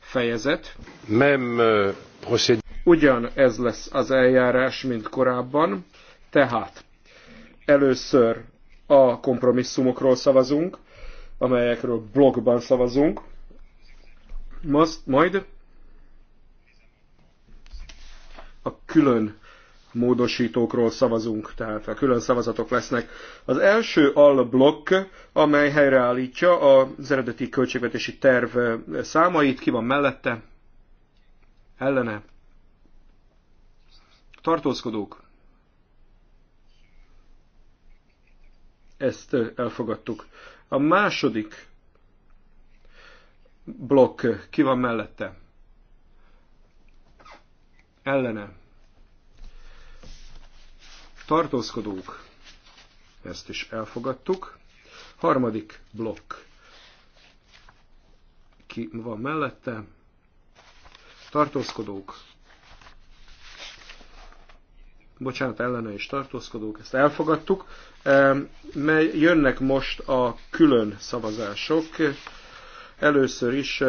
fejezet. Nem euh, Ugyan ez lesz az eljárás, mint korábban. Tehát először a kompromisszumokról szavazunk, amelyekről blogban szavazunk. Most, majd a külön módosítókról szavazunk, tehát a külön szavazatok lesznek. Az első alblokk, amely helyreállítja az eredeti költségvetési terv számait, ki van mellette, ellene, tartózkodók, ezt elfogadtuk. A második blokk ki van mellette? Ellene tartózkodók, ezt is elfogadtuk. Harmadik blokk, ki van mellette, tartózkodók, bocsánat, ellene és tartózkodók, ezt elfogadtuk, mely jönnek most a külön szavazások. Először is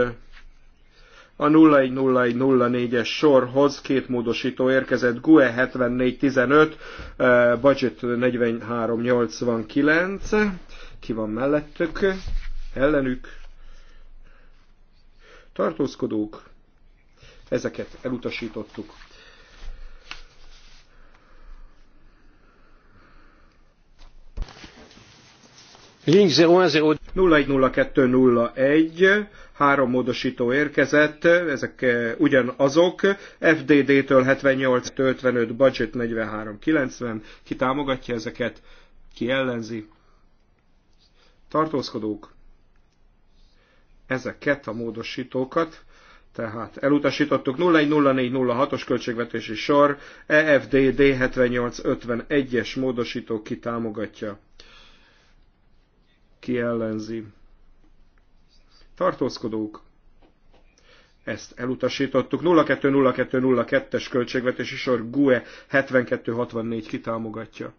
a 010104-es sorhoz két módosító érkezett, GUE 7415, eh, Budget 4389, ki van mellettük, ellenük, tartózkodók, ezeket elutasítottuk. Link 010201 három módosító érkezett, ezek eh, ugyanazok, FDD-től 78-55, budget 43-90, ki támogatja ezeket, ki ellenzi. Tartózkodók, ezeket a módosítókat, tehát elutasítottuk 010406-os költségvetési sor, EFDD 7851-es módosító kitámogatja, ki ellenzi tartózkodók, ezt elutasítottuk. 020202-es költségvetési sor GUE 7264 kitámogatja.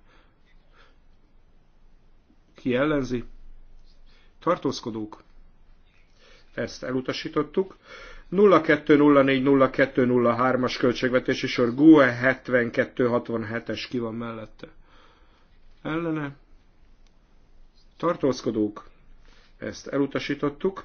Ki ellenzi? Tartózkodók. Ezt elutasítottuk. 02040203-as költségvetési sor GUE 7267-es ki van mellette. Ellene. Tartózkodók. Ezt elutasítottuk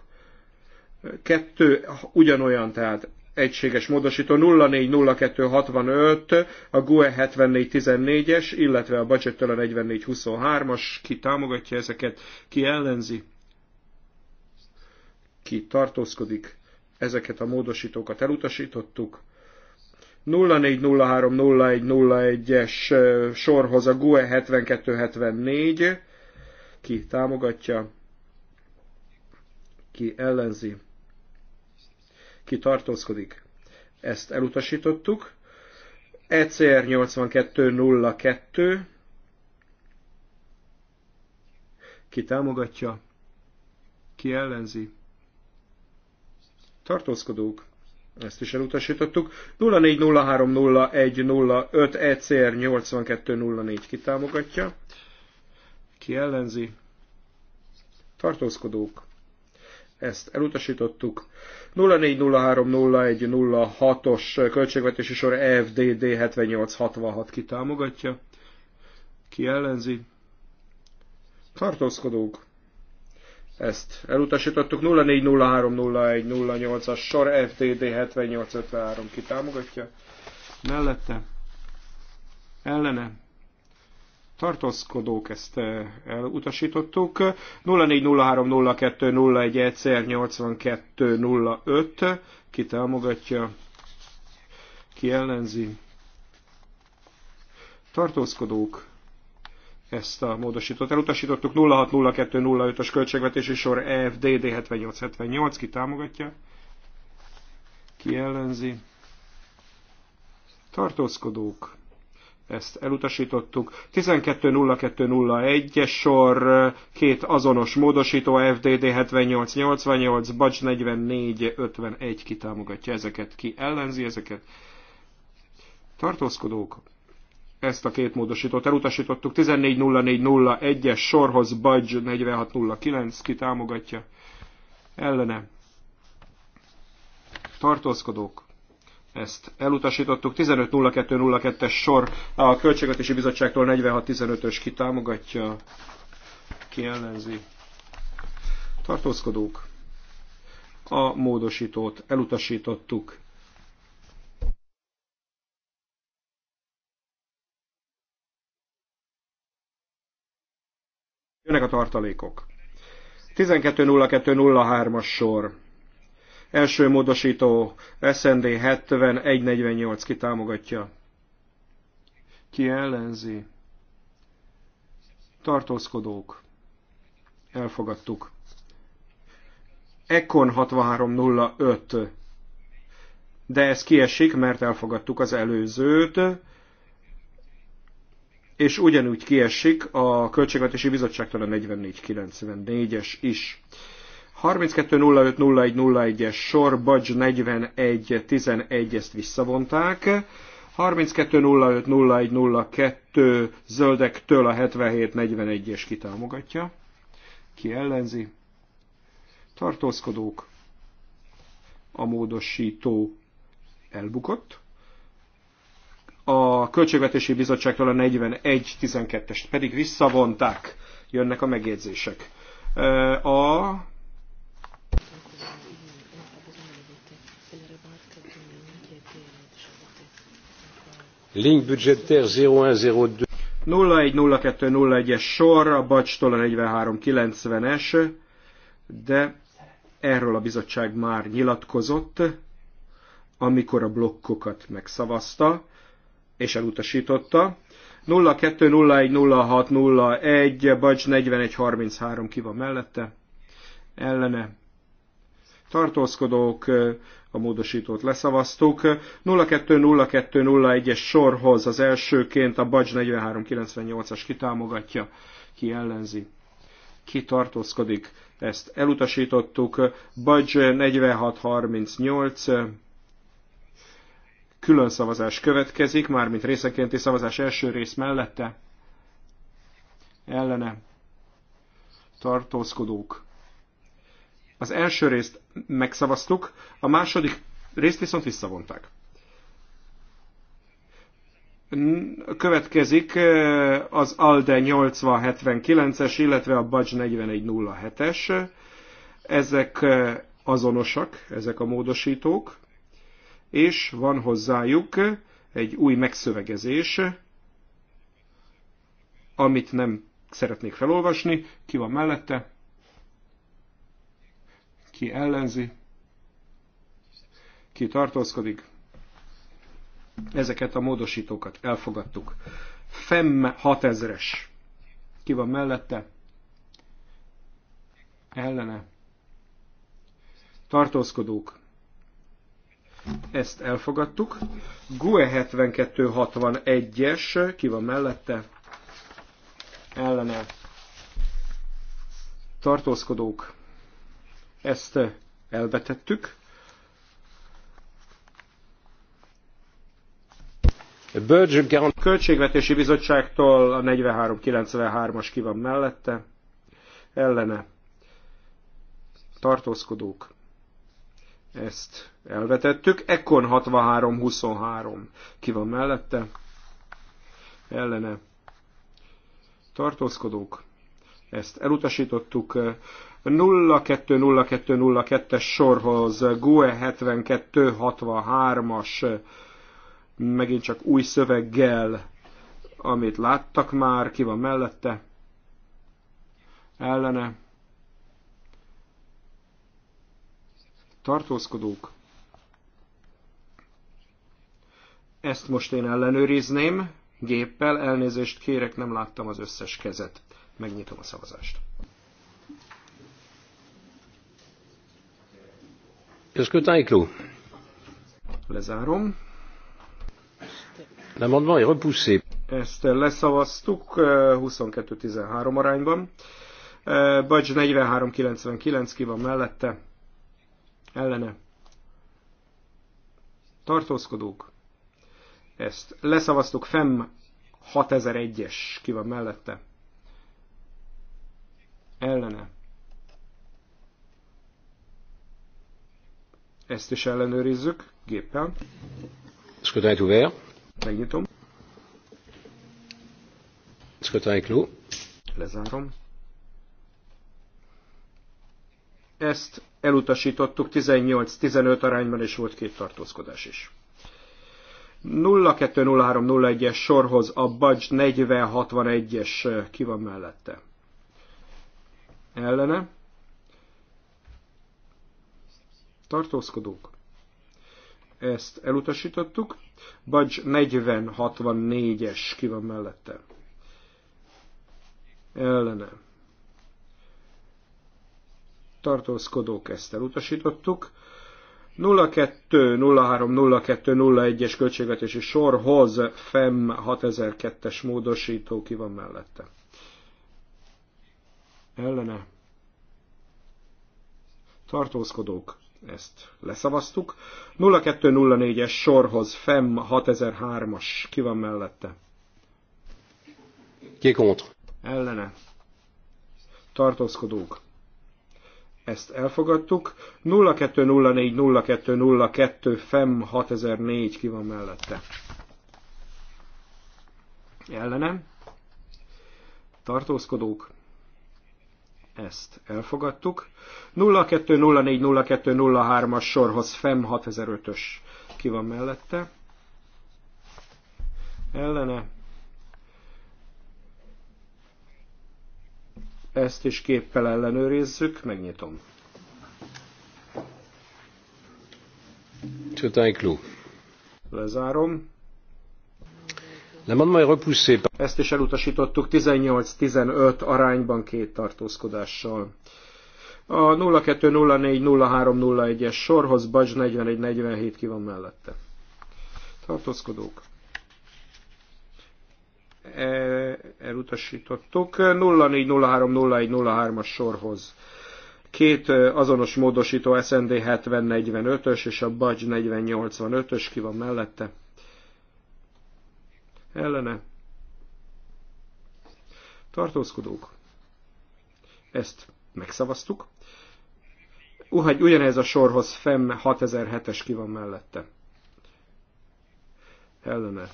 kettő ugyanolyan, tehát egységes módosító 040265, a GUE 7414-es, illetve a budgettől a 4423-as, ki támogatja ezeket, ki ellenzi, ki tartózkodik, ezeket a módosítókat elutasítottuk. 0403-0101-es sorhoz a GUE 7274, ki támogatja, ki ellenzi, ki tartózkodik. Ezt elutasítottuk. ECR 8202 ki támogatja, ki ellenzi. Tartózkodók. Ezt is elutasítottuk. 04030105 ECR 8204 kitámogatja. Ki ellenzi? Tartózkodók. Ezt elutasítottuk. 06 os költségvetési sor EFDD 7866 kitámogatja. Ki ellenzi? Tartózkodók. Ezt elutasítottuk. 04030108-as sor FDD 7853 kitámogatja. Mellette. Ellene tartózkodók, ezt eh, elutasítottuk. 0403 02 01 82 05, ki támogatja, ki ellenzi. Tartózkodók, ezt a módosítót elutasítottuk. 0602 05-ös költségvetési sor EFDD 7878, ki támogatja, ki ellenzi. Tartózkodók, ezt elutasítottuk. 12.02.01-es sor, két azonos módosító, FDD 7888, Bacs 4451 kitámogatja ezeket, ki ellenzi ezeket. Tartózkodók, ezt a két módosítót elutasítottuk. 14.04.01-es sorhoz Bacs 4609 kitámogatja ellene. Tartózkodók, ezt elutasítottuk. 15.02.02-es sor a Költségvetési Bizottságtól 46.15-ös kitámogatja, kiellenzi. Tartózkodók. A módosítót elutasítottuk. Jönnek a tartalékok. 12.02.03-as sor. Első módosító SND 7148 ki támogatja. Ki ellenzi? Tartózkodók. Elfogadtuk. Ekkon 6305. De ez kiesik, mert elfogadtuk az előzőt és ugyanúgy kiesik a Költségvetési Bizottságtól a 4494-es is. 32.05.01.01-es sor, Bajs 41.11, ezt visszavonták. 32.05.01.02 zöldektől a 77.41-es kitámogatja. Ki ellenzi? Tartózkodók. A módosító elbukott. A Költségvetési Bizottságtól a 41.12-est pedig visszavonták. Jönnek a megjegyzések. A Link budgétaire 0102. 010201-es sor, a Bacstola 4390-es, de erről a bizottság már nyilatkozott, amikor a blokkokat megszavazta és elutasította. 0201-0601, Bacs 4133 ki van mellette, ellene tartózkodók, a módosítót leszavaztuk. 020201-es sorhoz az elsőként a Bacs 4398-as kitámogatja, ki ellenzi, ki tartózkodik. Ezt elutasítottuk. Bacs 4638 külön szavazás következik, mármint részekénti szavazás első rész mellette. Ellene tartózkodók az első részt megszavaztuk, a második részt viszont visszavonták. Következik az ALDE 8079-es, illetve a BAGE 4107-es. Ezek azonosak, ezek a módosítók, és van hozzájuk egy új megszövegezés, amit nem szeretnék felolvasni. Ki van mellette? ki ellenzi, ki tartózkodik. Ezeket a módosítókat elfogadtuk. Femme 6000-es. Ki van mellette? Ellene. Tartózkodók. Ezt elfogadtuk. GUE 7261-es. Ki van mellette? Ellene. Tartózkodók ezt elvetettük. A Költségvetési Bizottságtól a 4393-as ki van mellette, ellene tartózkodók. Ezt elvetettük. Ekkon 63-23 ki van mellette, ellene tartózkodók. Ezt elutasítottuk. 020202-es sorhoz GUE 7263-as megint csak új szöveggel, amit láttak már, ki van mellette, ellene, tartózkodók. Ezt most én ellenőrizném géppel, elnézést kérek, nem láttam az összes kezet. Megnyitom a szavazást. Le scrutin est clos. Lezárom. L'amendement repoussé. Ezt leszavaztuk 22-13 eh, arányban. Eh, Bajcs 43-99 ki van mellette. Ellene. Tartózkodók. Ezt leszavaztuk FEM 6001-es ki van mellette. Ellene. Ezt is ellenőrizzük géppel. Scrutin est ouvert. Megnyitom. Scrutin est clos. Lezárom. Ezt elutasítottuk 18-15 arányban, és volt két tartózkodás is. 020301-es sorhoz a Bajs 4061-es ki van mellette. Ellene. tartózkodók. Ezt elutasítottuk. Budge 4064-es ki van mellette. Ellene. Tartózkodók ezt elutasítottuk. 02-03-02-01-es költségvetési sorhoz FEM 6002-es módosító ki van mellette. Ellene. Tartózkodók ezt leszavaztuk. 0204-es sorhoz FEM 6003-as, ki van mellette? Ki contre? Ellene. Tartózkodók. Ezt elfogadtuk. 0204-0202 FEM 6004, ki van mellette? Ellene. Tartózkodók. 0204-0202 ezt elfogadtuk. 0204-0203-as sorhoz FEM 6005-ös ki van mellette. Ellene. Ezt is képpel ellenőrizzük, megnyitom. klub. Lezárom. Ezt is elutasítottuk 18-15 arányban két tartózkodással. A 0204-0301-es sorhoz Bacs 41-47 ki van mellette. Tartózkodók. E, elutasítottuk. 0403-0103-as sorhoz. Két azonos módosító SND 7045 ös és a Bacs 4085 ös ki van mellette ellene tartózkodók. Ezt megszavaztuk. Uhagy, ugyanez a sorhoz FEM 6007-es ki van mellette. Ellene.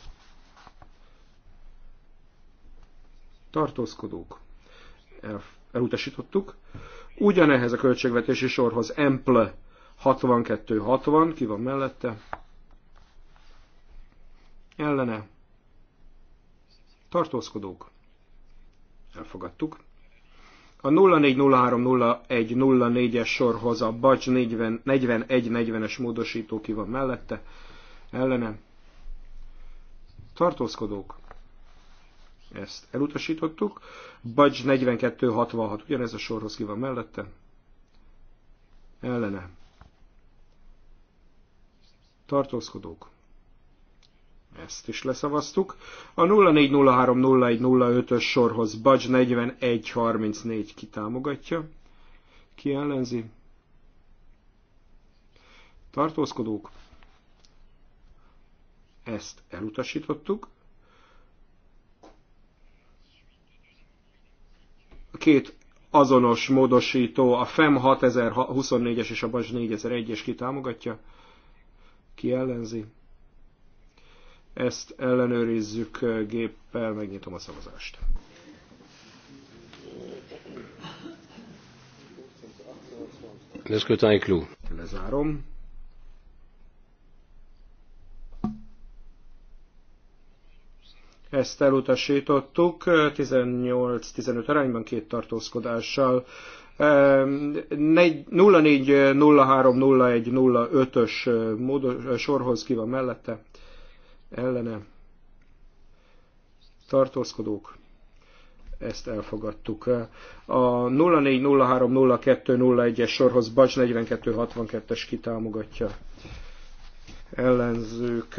Tartózkodók. El, elutasítottuk. Ugyanehhez a költségvetési sorhoz EMPL 6260 ki van mellette. Ellene tartózkodók, elfogadtuk. A 0403-0104-es sorhoz a Bacs 4140 es módosító ki van mellette, ellene. Tartózkodók. Ezt elutasítottuk. Bacs 4266 ugyanez a sorhoz ki van mellette, ellene. Tartózkodók ezt is leszavaztuk. A 0403-0105-ös sorhoz Bacs 4134 kitámogatja, ki ellenzi. Tartózkodók, ezt elutasítottuk. A két azonos módosító, a FEM 6024-es és a Bacs 4001-es kitámogatja, ki ellenzi ezt ellenőrizzük eh, géppel, megnyitom a szavazást. Lezárom. Ezt elutasítottuk 18-15 eh, arányban két tartózkodással. 04-03-01-05-ös eh, sorhoz ki van mellette ellene tartózkodók, ezt elfogadtuk. A 0403 0201 es sorhoz Bacs 4262-es kitámogatja ellenzők,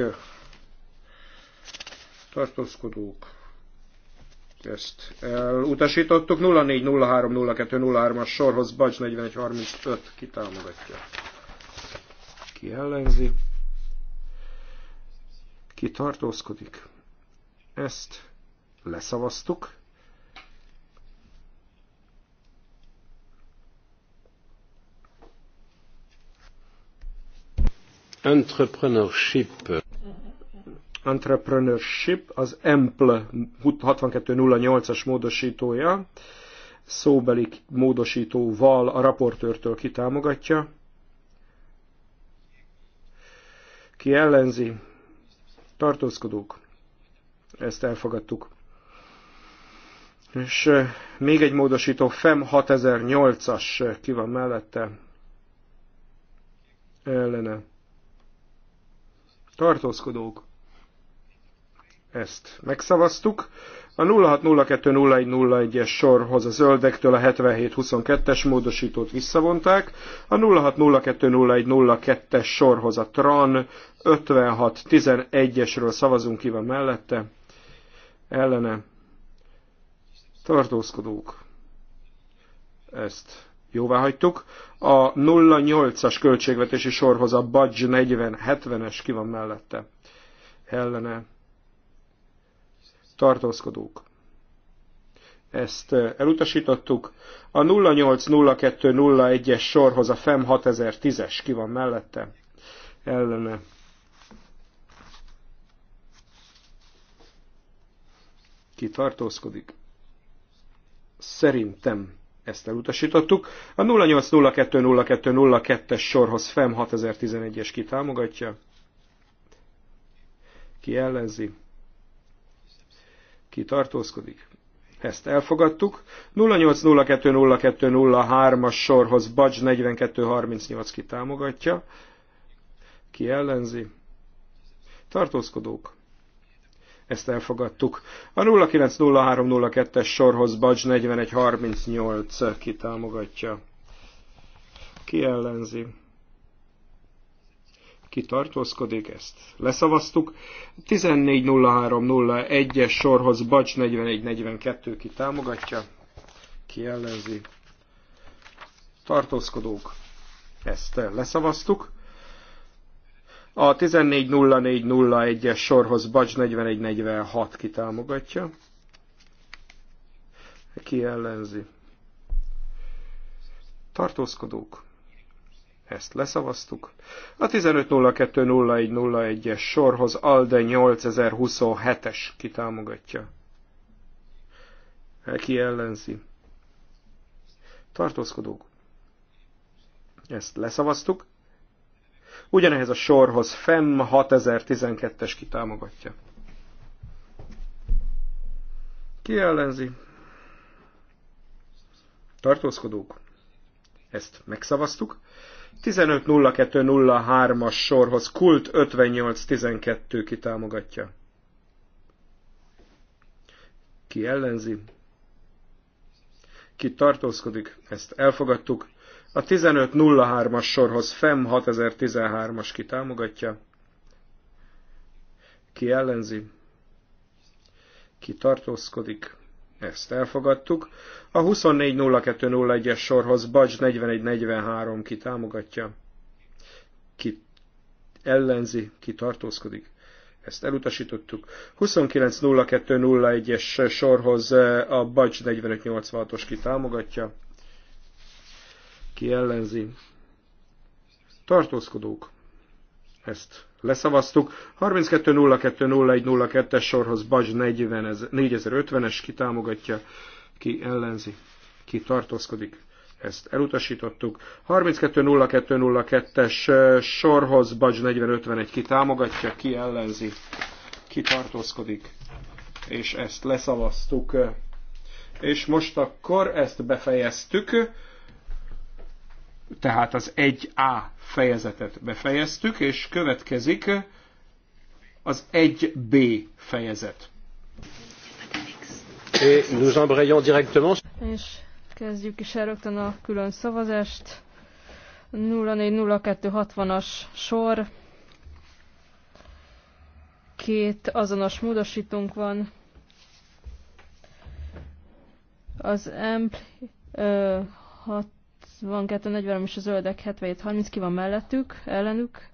tartózkodók, ezt elutasítottuk. 0403 0203 as sorhoz Bacs 4135 kitámogatja. Ki ellenzi? ki tartózkodik. Ezt leszavaztuk. Entrepreneurship. Entrepreneurship az EMPL 6208-as módosítója, szóbeli módosítóval a raportőrtől kitámogatja. Ki ellenzi, tartózkodók, ezt elfogadtuk. És még egy módosító, FEM 6008-as ki van mellette, ellene tartózkodók, ezt megszavaztuk. A 06020101-es sorhoz a zöldektől a 7722-es módosítót visszavonták, a 06020102-es sorhoz a TRAN 5611-esről szavazunk ki van mellette, ellene tartózkodók. Ezt jóvá hagytuk. A 08-as költségvetési sorhoz a Budge 4070-es ki van mellette, ellene tartózkodók. Ezt eh, elutasítottuk. A 080201-es sorhoz a FEM 6010-es ki van mellette, ellene. Ki tartózkodik? Szerintem ezt elutasítottuk. A 08020202-es sorhoz FEM 6011-es kitámogatja, ki ellenzi, ki tartózkodik. Ezt elfogadtuk. 08020203-as sorhoz Bacs 4238 ki támogatja, ki ellenzi. Tartózkodók. Ezt elfogadtuk. A 090302-es sorhoz Bacs 4138 ki támogatja, ki ellenzi kitartózkodik, ezt leszavaztuk. 14.03.01-es sorhoz Bacs 41.42 ki támogatja, ki ellenzi. Tartózkodók, ezt leszavaztuk. A 14.04.01-es sorhoz Bacs 41.46 ki támogatja, ki ellenzi. Tartózkodók, ezt leszavaztuk. A 1502-0101-es sorhoz ALDE 8027-es kitámogatja. Ki ellenzi? Tartózkodók. Ezt leszavaztuk. Ugyanehhez a sorhoz FEM 6012-es kitámogatja. Ki ellenzi? Tartózkodók. Ezt megszavaztuk. 15.02.03-as sorhoz kult 58.12 ki támogatja. Ki ellenzi? Ki tartózkodik? Ezt elfogadtuk. A 15.03-as sorhoz FEM 6013-as ki támogatja. Ki ellenzi? Ki tartózkodik? ezt elfogadtuk. A 24.02.01-es sorhoz Bacs 41.43 ki támogatja, ki ellenzi, ki tartózkodik. Ezt elutasítottuk. 29.02.01-es sorhoz eh, a Bacs 45.86-os ki támogatja, ki ellenzi. Tartózkodók ezt leszavaztuk. 32.02.01.02-es sorhoz Bacs 4050-es kitámogatja, ki ellenzi, ki tartózkodik. Ezt elutasítottuk. 32.02.02-es eh, sorhoz Bacs 4051 ki támogatja, ki ellenzi, ki tartózkodik. És ezt leszavaztuk. És most akkor ezt befejeztük tehát az 1A fejezetet befejeztük, és következik az 1B fejezet. Et nous embrayons directement. És kezdjük is el rögtön a külön szavazást. 040260-as sor. Két azonos módosítónk van. Az EMP 6 van 43 és a zöldek 77-30 ki van mellettük, ellenük,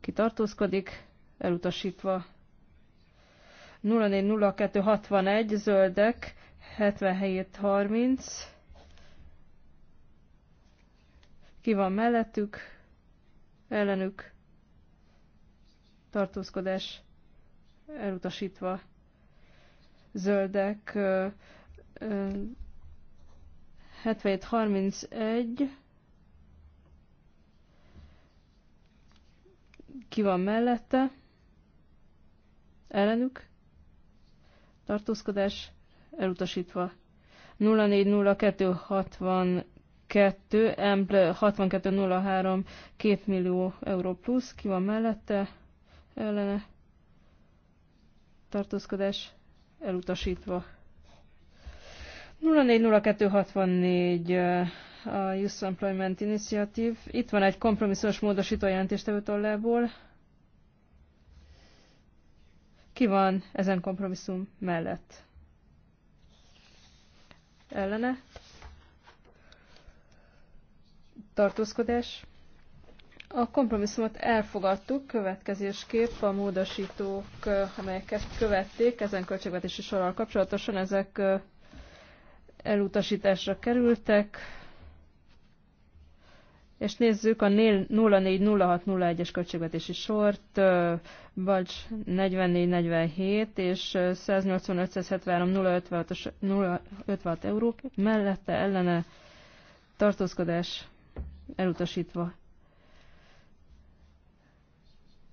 ki tartózkodik, elutasítva. 040261 zöldek 77-30 ki van mellettük, ellenük, tartózkodás elutasítva. Zöldek Ö, ö, 77-31 ki van mellette ellenük tartózkodás elutasítva 040262 Emple 6203 2 millió euró plusz ki van mellette ellene tartózkodás elutasítva 040264 a Youth Employment Initiative. Itt van egy kompromisszós módosító jelentéstevő tollából. Ki van ezen kompromisszum mellett? Ellene? Tartózkodás? A kompromisszumot elfogadtuk, következésképp a módosítók, amelyeket követték ezen költségvetési sorral kapcsolatosan, ezek elutasításra kerültek. És nézzük a 040601-es költségvetési sort, Balcs 4447 és 185-173 056, mellette ellene tartózkodás elutasítva.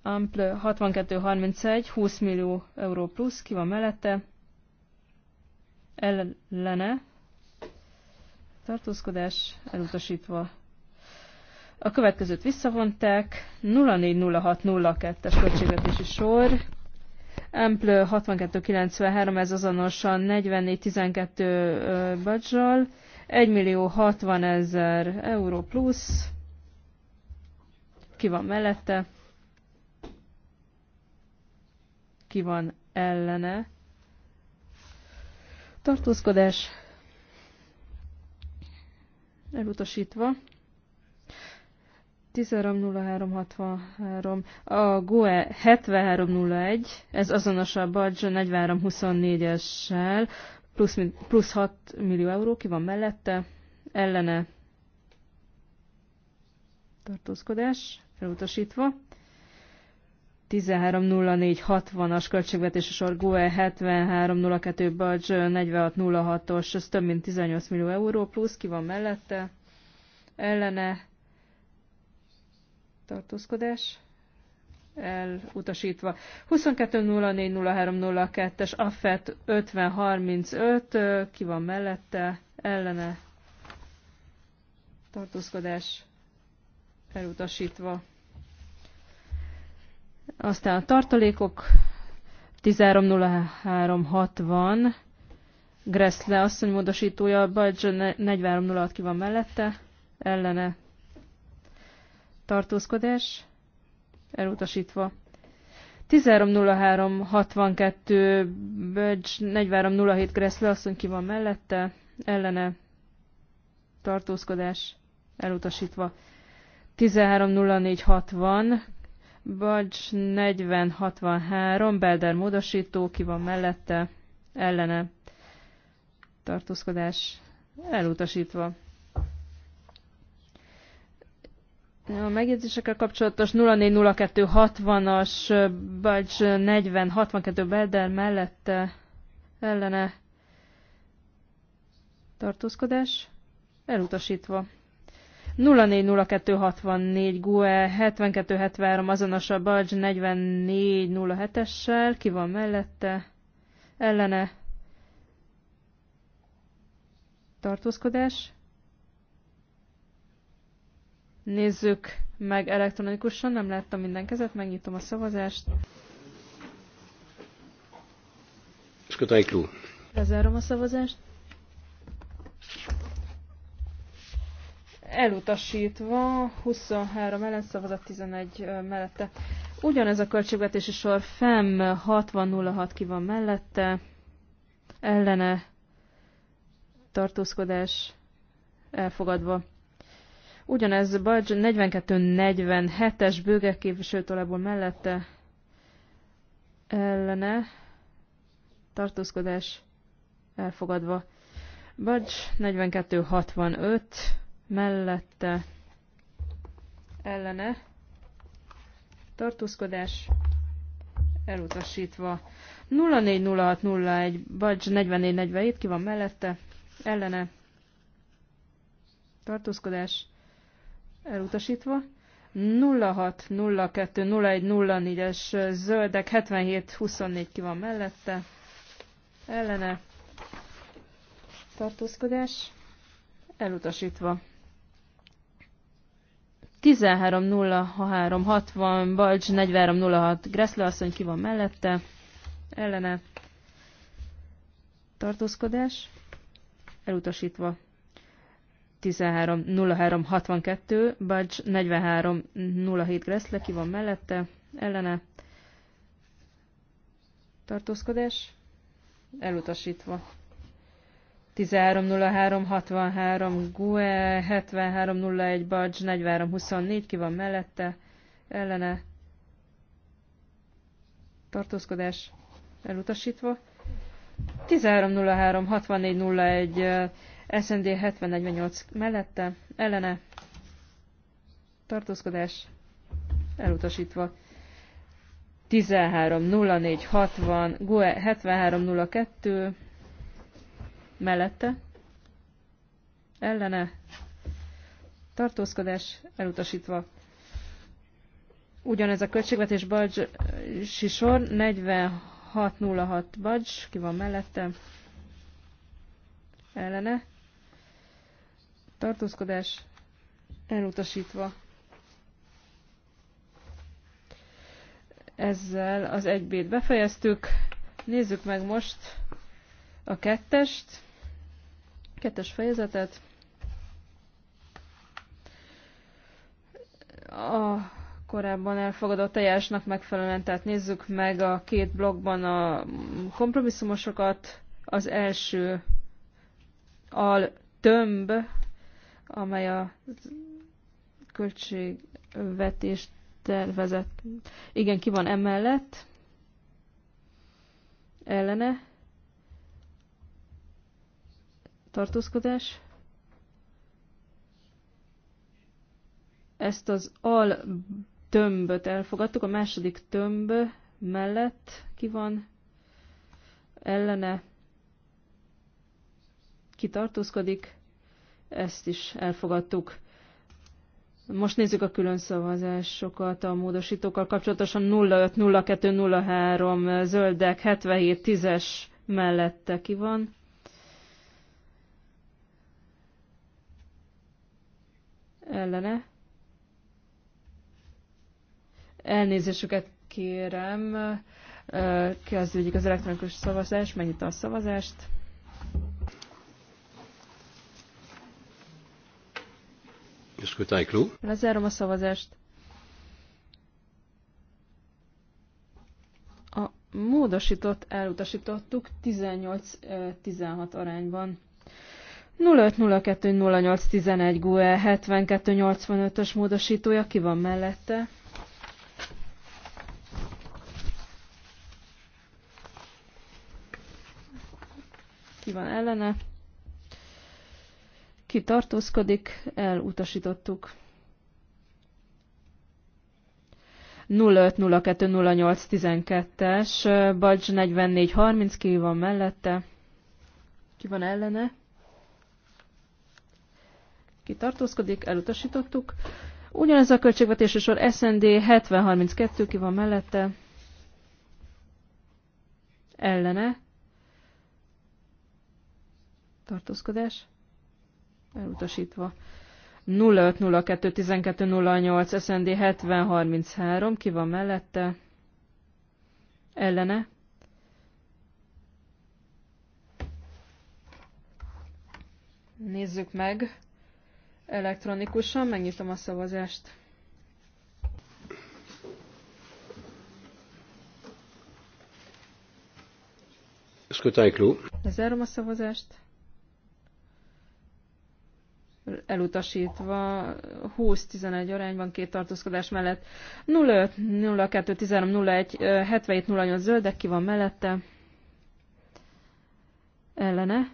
Ample 6231, 20 millió euró plusz, ki van mellette, ellene tartózkodás elutasítva. A következőt visszavonták, 040602-es költségvetési sor, Ample 6293, ez azonosan 4412 badzsal, 1 millió 60 ezer euró plusz, ki van mellette, ki van ellene, tartózkodás elutasítva. 13.03.63, a GOE 73.01, ez azonos a Badge 43.24-essel, plusz, plusz 6 millió euró, ki van mellette, ellene tartózkodás, felutasítva. 130460-as költségvetési sor GUE 7302 Balcs 4606-os, ez több mint 18 millió euró plusz, ki van mellette, ellene tartózkodás elutasítva. 22.04.03.02-es AFET 5035, ki van mellette, ellene tartózkodás elutasítva. Aztán a tartalékok 130360, Gressle asszony módosítója, Bajdzs 4306 ki van mellette, ellene tartózkodás, elutasítva. 130362 Bajdzs 4307 Gressle asszony ki van mellette, ellene tartózkodás elutasítva. 130460 Bacs 4063, Belder módosító, ki van mellette, ellene, tartózkodás elutasítva. A megjegyzésekkel kapcsolatos 040260-as Bacs 4062 Belder mellette, ellene, tartózkodás elutasítva. 040264 GUE 7273 azonos a Balcs 4407-essel, ki van mellette, ellene, tartózkodás. Nézzük meg elektronikusan, nem láttam minden kezet, megnyitom a szavazást. Lezárom a szavazást elutasítva, 23 szavazat, 11 mellette. Ugyanez a költségvetési sor FEM 6006 ki van mellette, ellene tartózkodás elfogadva. Ugyanez Bajcs 42-47-es bőge képviselőtolából mellette ellene tartózkodás elfogadva. Bajcs 42-65 mellette ellene tartózkodás elutasítva. 040601 vagy 4447 ki van mellette, ellene tartózkodás elutasítva. 06020104-es zöldek 7724 ki van mellette, ellene tartózkodás elutasítva. 13.03.60, Balcs 43.06, Gressle asszony ki van mellette, ellene tartózkodás, elutasítva. 13.03.62, Balcs 43.07, Gressle ki van mellette, ellene tartózkodás, elutasítva. 130363 GUE 7301 Bacs 4324 ki van mellette ellene tartózkodás elutasítva 1303 6401 SND 7048 mellette ellene tartózkodás elutasítva 130460 GUE 7302 mellette, ellene, tartózkodás elutasítva. Ugyanez a költségvetés Balcs sor 4606 bajs ki van mellette, ellene, tartózkodás elutasítva. Ezzel az egybét befejeztük. Nézzük meg most a kettest. Kettes fejezetet. A korábban elfogadott eljárásnak megfelelően, tehát nézzük meg a két blogban a kompromisszumosokat. Az első al tömb, amely a költségvetés tervezett. Igen, ki van emellett? Ellene? tartózkodás. Ezt az al tömböt elfogadtuk, a második tömb mellett ki van ellene, ki tartózkodik, ezt is elfogadtuk. Most nézzük a külön szavazásokat a módosítókkal kapcsolatosan 05, 03, zöldek, 77, 10-es mellette ki van ellene. Elnézésüket kérem, kezdődik az elektronikus szavazás, Mennyit a szavazást. Lezárom a szavazást. A módosított elutasítottuk 18-16 arányban. 0502-0811 GUE 7285-ös módosítója ki van mellette? Ki van ellene? Ki tartózkodik? Elutasítottuk. 0502 0812 es Balcs 4430 ki van mellette? Ki van ellene? ki tartózkodik, elutasítottuk. Ugyanez a költségvetési sor SND 7032, ki van mellette, ellene, tartózkodás, elutasítva. 0502-1208 SND 7033, ki van mellette, ellene, Nézzük meg elektronikusan. Megnyitom a szavazást. Lezárom a szavazást. Elutasítva 20-11 arányban két tartózkodás mellett 05 02 13 01 77 08 zöldek ki van mellette. Ellene.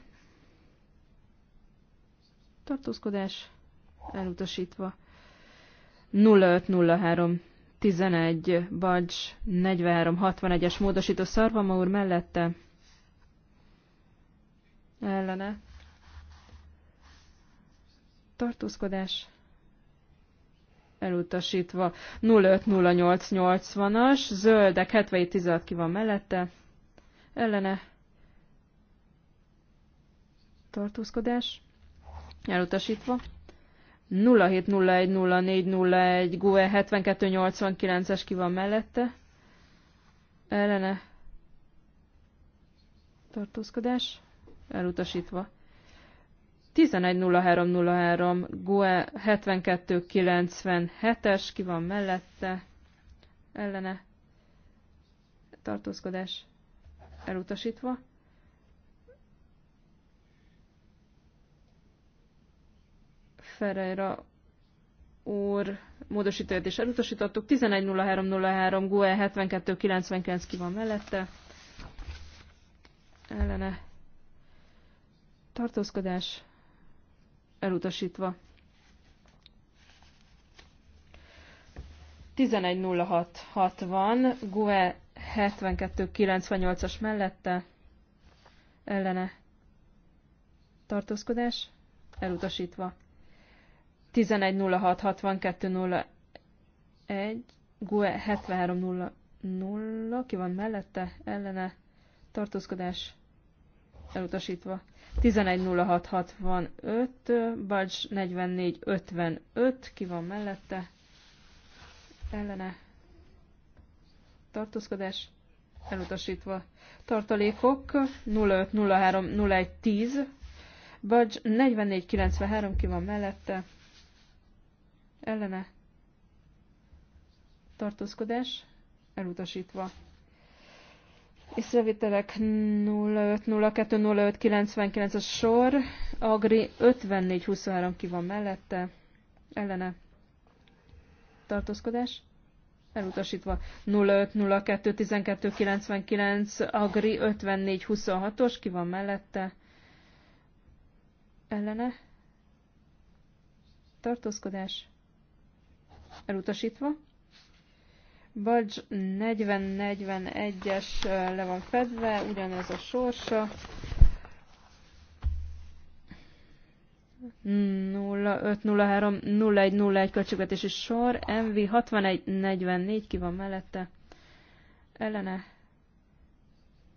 Tartózkodás elutasítva. 0503 11 Bacs 4361-es módosító Szarvama úr mellette ellene tartózkodás elutasítva 050880-as zöldek 7716 ki van mellette ellene tartózkodás elutasítva 0701 GUE 7289-es ki van mellette. Ellene tartózkodás elutasítva. 11.03.03 GUE 7297-es ki van mellette. Ellene tartózkodás elutasítva. Ferreira úr módosítóját is elutasítottuk. 11.03.03 GUE 72.99 ki van mellette. Ellene tartózkodás elutasítva. 11.06.60 GUE 72.98-as mellette ellene tartózkodás elutasítva. 1106-6201, GUE 73.00, ki van mellette, ellene, tartózkodás elutasítva. 1106-65, 11.06.65, Bacs 44.55, ki van mellette, ellene, tartózkodás elutasítva. Tartalékok 0503 0110, Budge 4493 ki van mellette, ellene tartózkodás elutasítva. Észrevételek 0502-0599-es sor, Agri 5423 ki van mellette, ellene tartózkodás elutasítva 0502 Agri 5426 os ki van mellette, ellene tartózkodás elutasítva. Budge 4041 es le van fedve, ugyanez a sorsa. 0503-0101 költségvetési sor, MV 6144 ki van mellette, ellene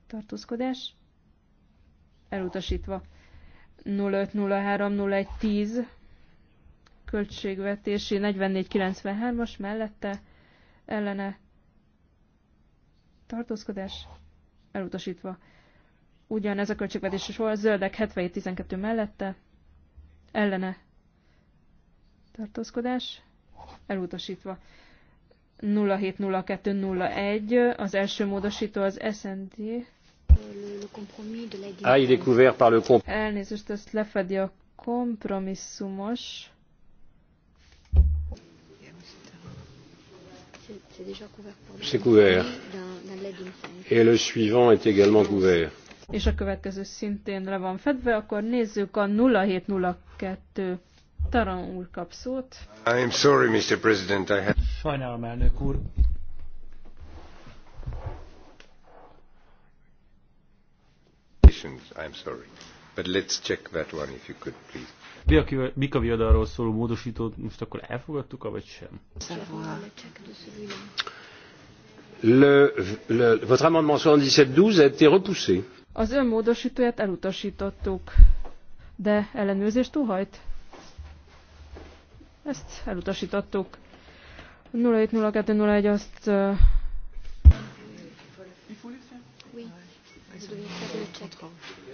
tartózkodás, elutasítva 0503 költségvetési 4493-as mellette ellene tartózkodás elutasítva. ugyan ez a költségvetés sor, zöldek 7712 mellette ellene tartózkodás elutasítva. 070201 az első módosító az SND. Ah, il est couvert par le Elnézést, ezt lefedi a kompromisszumos. c'est déjà couvert pour C'est couvert. Dans, dans Et le suivant est également couvert. És a következő szintén le van fedve, akkor nézzük a 0702 Taran úr kap szót. I am sorry, Mr. President, I have... Sajnálom, elnök úr. I am sorry, but let's check that one if you could, please. Bika viadalról szóló módosítót most akkor elfogadtuk, vagy sem? Le, le, votre amendement 77-12 a été repoussé. Az ön módosítóját elutasítottuk, de ellenőrzést óhajt? Ezt elutasítottuk. 070201 azt... Uh...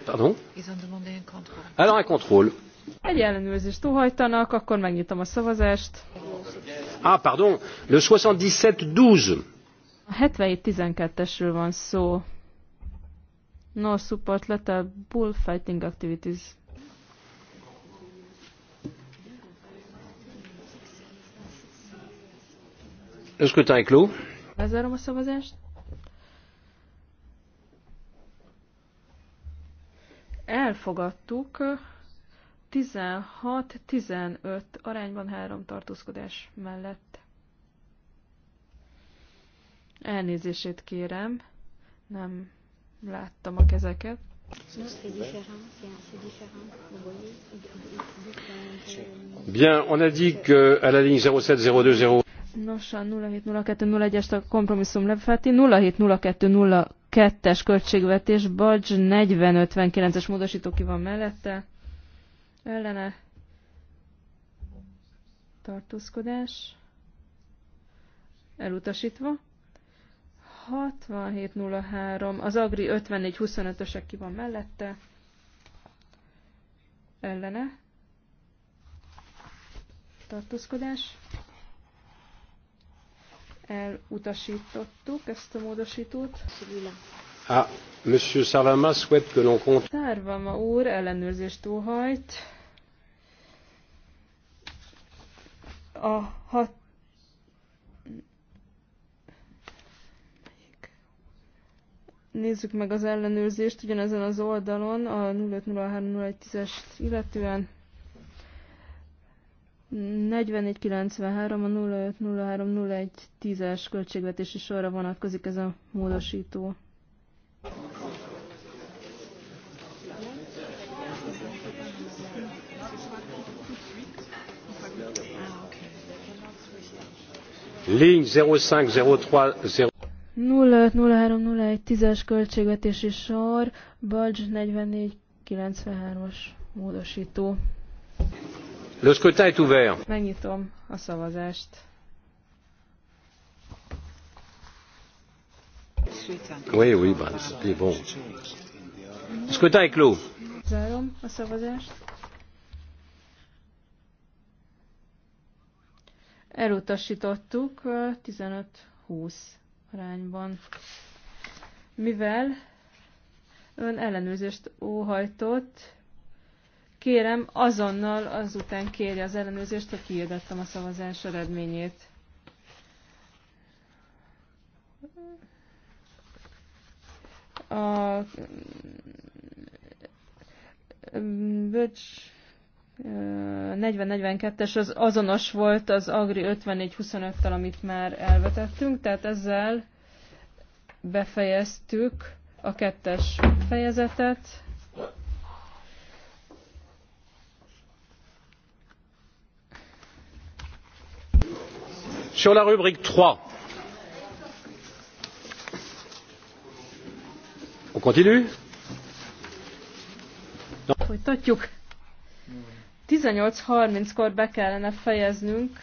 Pardon Ils ont demandé un contrôle. Alors un contrôle. Egy ellenőrzést túhajtanak, akkor megnyitom a szavazást. Ah, pardon, le 77-12. A 77-12-esről van szó. No support letter bullfighting activities. Le scrutin est clos. Lezárom a szavazást. Elfogadtuk 16-15 arányban három tartózkodás mellett. Elnézését kérem, nem láttam a kezeket. Bien, on a dit que à la ligne 07020 Nos, a 070201-est a kompromisszum lefeti. 070202-es költségvetés, Bajs 4059-es módosító ki van mellette ellene tartózkodás elutasítva. 6703, az Agri 5425-ösek ki van mellette, ellene tartózkodás. Elutasítottuk ezt a módosítót. Ah, Monsieur Salama souhaite que l'on compte. ma úr ellenőrzést óhajt. a hat nézzük meg az ellenőrzést ugyanezen az oldalon, a 050310-es illetően 4493 a 10 es költségvetési sorra vonatkozik ez a módosító. Ligne 0503 es költségvetési sor, Balcs 4493. as módosító. Le scrutin est ouvert. Megnyitom a szavazást. Oui, oui, bon, c'est bon. Scrutin est clos. Zárom a szavazást. elutasítottuk 15-20 arányban. Mivel ön ellenőrzést óhajtott, kérem azonnal azután kérje az ellenőrzést, hogy kiirdettem a szavazás eredményét. A bölcs 40-42-es az azonos volt az Agri 54-25-tel, amit már elvetettünk, tehát ezzel befejeztük a kettes fejezetet. Sur la rubrique 3. On continue? Folytatjuk. 18.30-kor be kellene fejeznünk,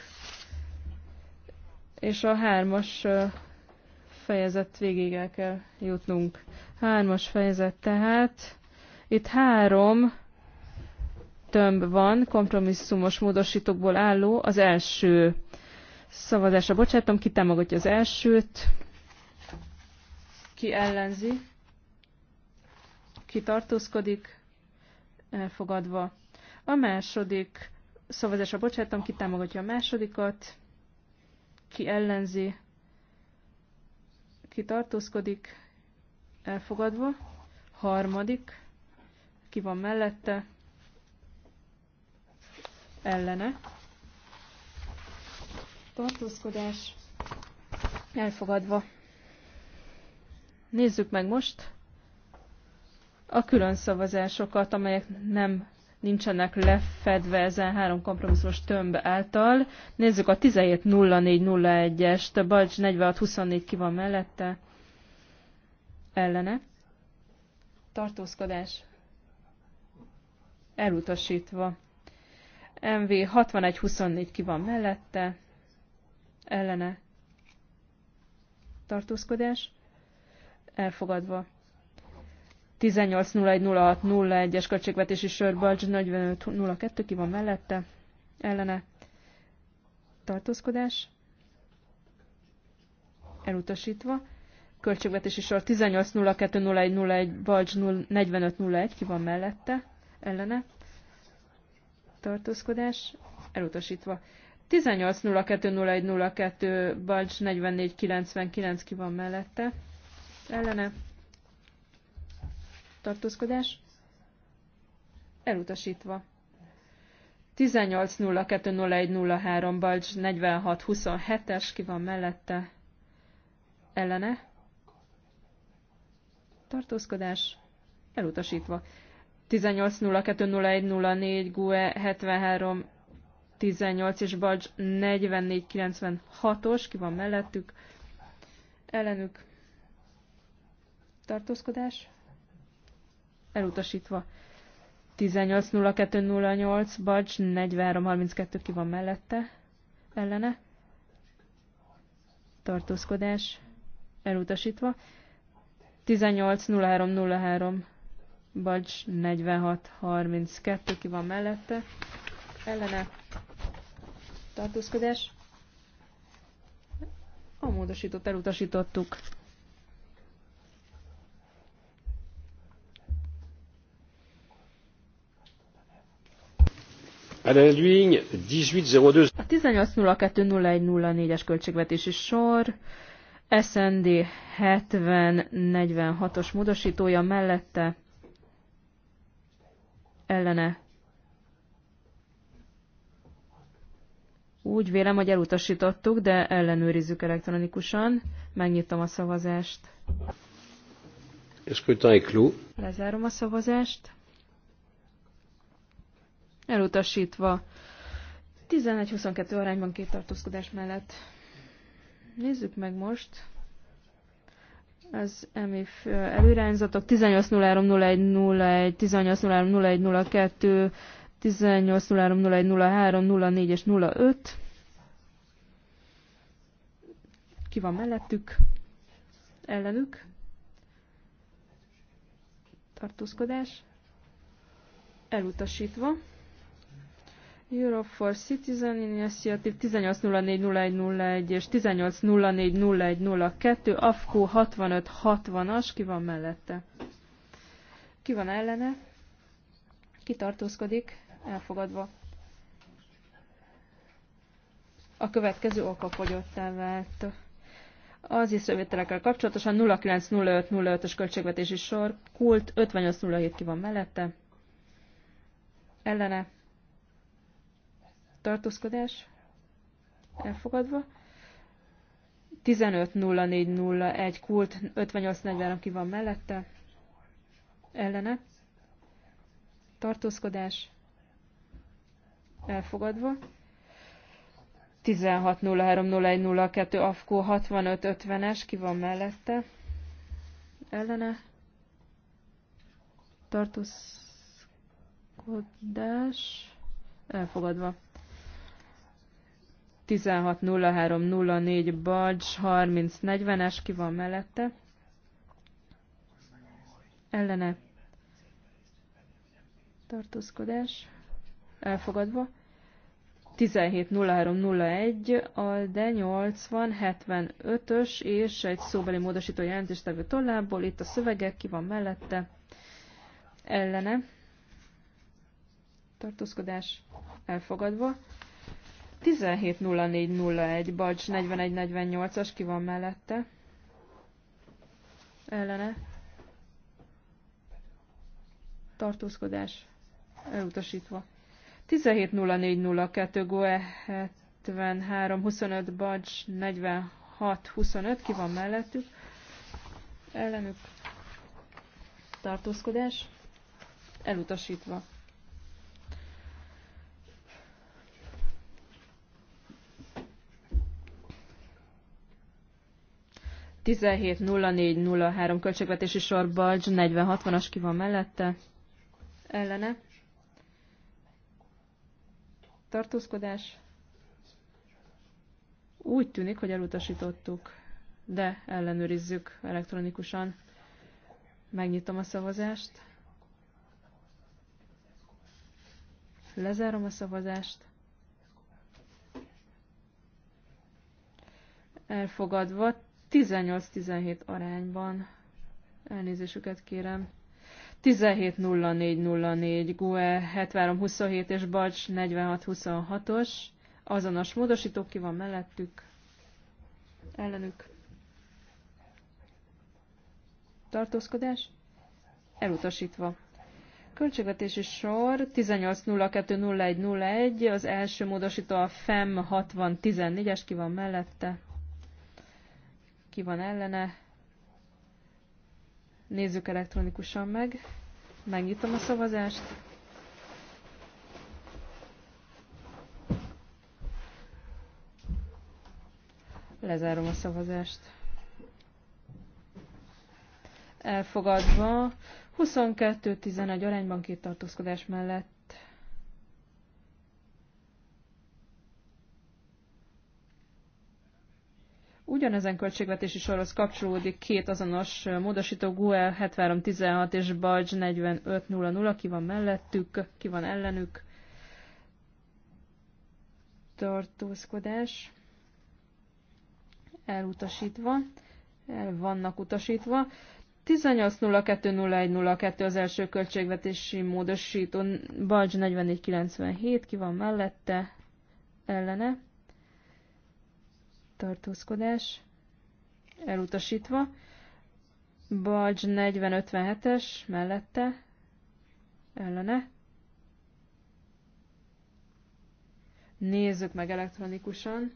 és a hármas fejezet végig el kell jutnunk. Hármas fejezet tehát. Itt három tömb van, kompromisszumos módosítókból álló. Az első szavazásra bocsátom, ki támogatja az elsőt, ki ellenzi, ki tartózkodik, elfogadva. A második szavazásra bocsátom, ki támogatja a másodikat, ki ellenzi, ki tartózkodik, elfogadva. Harmadik, ki van mellette, ellene. Tartózkodás elfogadva. Nézzük meg most a külön szavazásokat, amelyek nem nincsenek lefedve ezen három kompromisszumos tömb által. Nézzük a 17.04.01-est, Balcs 46.24 ki van mellette, ellene. Tartózkodás elutasítva. MV 61.24 ki van mellette, ellene. Tartózkodás elfogadva. 18.01.06.01-es költségvetési sörbalcs 45.02, ki van mellette, ellene tartózkodás, elutasítva. Költségvetési sor 18.02.01.01, balcs 45.01, ki van mellette, ellene tartózkodás, elutasítva. 18.02.01.02, balcs 44.99, ki van mellette, ellene tartózkodás elutasítva. 18.02.01.03 Balcs 46.27-es, ki van mellette, ellene, tartózkodás elutasítva. 18.02.01.04 GUE 73 18 és Balcs 44.96-os, ki van mellettük, ellenük tartózkodás 18.02.01.04 elutasítva. 18.02.08, Bacs 43.32 ki van mellette, ellene, tartózkodás, elutasítva. 18.03.03, Bacs 46.32 ki van mellette, ellene, tartózkodás. A módosított elutasítottuk. Alain 1802. A 1802 es költségvetési sor, SND 7046-os módosítója mellette ellene. Úgy vélem, hogy elutasítottuk, de ellenőrizzük elektronikusan. Megnyitom a szavazást. Lezárom a szavazást elutasítva. 11-22 arányban két tartózkodás mellett. Nézzük meg most az MIF előirányzatok 18.03.01.01, 18.03.01.02, 18.03.01.03, és 05. Ki van mellettük? Ellenük? Tartózkodás? Elutasítva. Europe for Citizen Initiative 1804 és 1804 AFKO 6560 as ki van mellette? Ki van ellene? Ki tartózkodik? Elfogadva. A következő oka okafogyottá vált. Az észrevételekkel kapcsolatosan 090505-ös költségvetési sor, kult 5807 ki van mellette, ellene, tartózkodás elfogadva. 15.04.01 kult 58.40, ki van mellette, ellene, tartózkodás elfogadva. 16.03.01.02 AFKO 65.50-es ki van mellette, ellene, tartózkodás elfogadva. 160304 Balcs 3040-es, ki van mellette? Ellene. Tartózkodás. Elfogadva. 17.03.01, a de 80.75-ös és egy szóbeli módosító jelentéstevő tollából. Itt a szövegek, ki van mellette, ellene, tartózkodás elfogadva. 170401 Bacs 4148-as ki van mellette? Ellene. Tartózkodás. Elutasítva. 170402 Goe 7325 Bacs 4625 ki van mellettük? Ellenük. Tartózkodás. Elutasítva. 170403 költségvetési sor Balcs 4060-as ki van mellette, ellene. Tartózkodás. Úgy tűnik, hogy elutasítottuk, de ellenőrizzük elektronikusan. Megnyitom a szavazást. Lezárom a szavazást. Elfogadva 18-17 arányban. Elnézésüket kérem. 17.04.04, GUE 73.27 és Bacs 46.26-os. Azonos módosítók ki van mellettük, ellenük. Tartózkodás? Elutasítva. Költségvetési sor 18.02.01.01, az első módosító a FEM 60.14-es, ki van mellette, ki van ellene. Nézzük elektronikusan meg. Megnyitom a szavazást. Lezárom a szavazást. Elfogadva 22-11 arányban két tartózkodás mellett. Ugyanezen költségvetési sorhoz kapcsolódik két azonos módosító GUE 7316 és Balcs 4500, ki van mellettük, ki van ellenük. Tartózkodás elutasítva, el vannak utasítva. 18.02.01.02 az első költségvetési módosító, Balcs 4497, ki van mellette, ellene tartózkodás elutasítva. Balcs 57 es mellette ellene. Nézzük meg elektronikusan.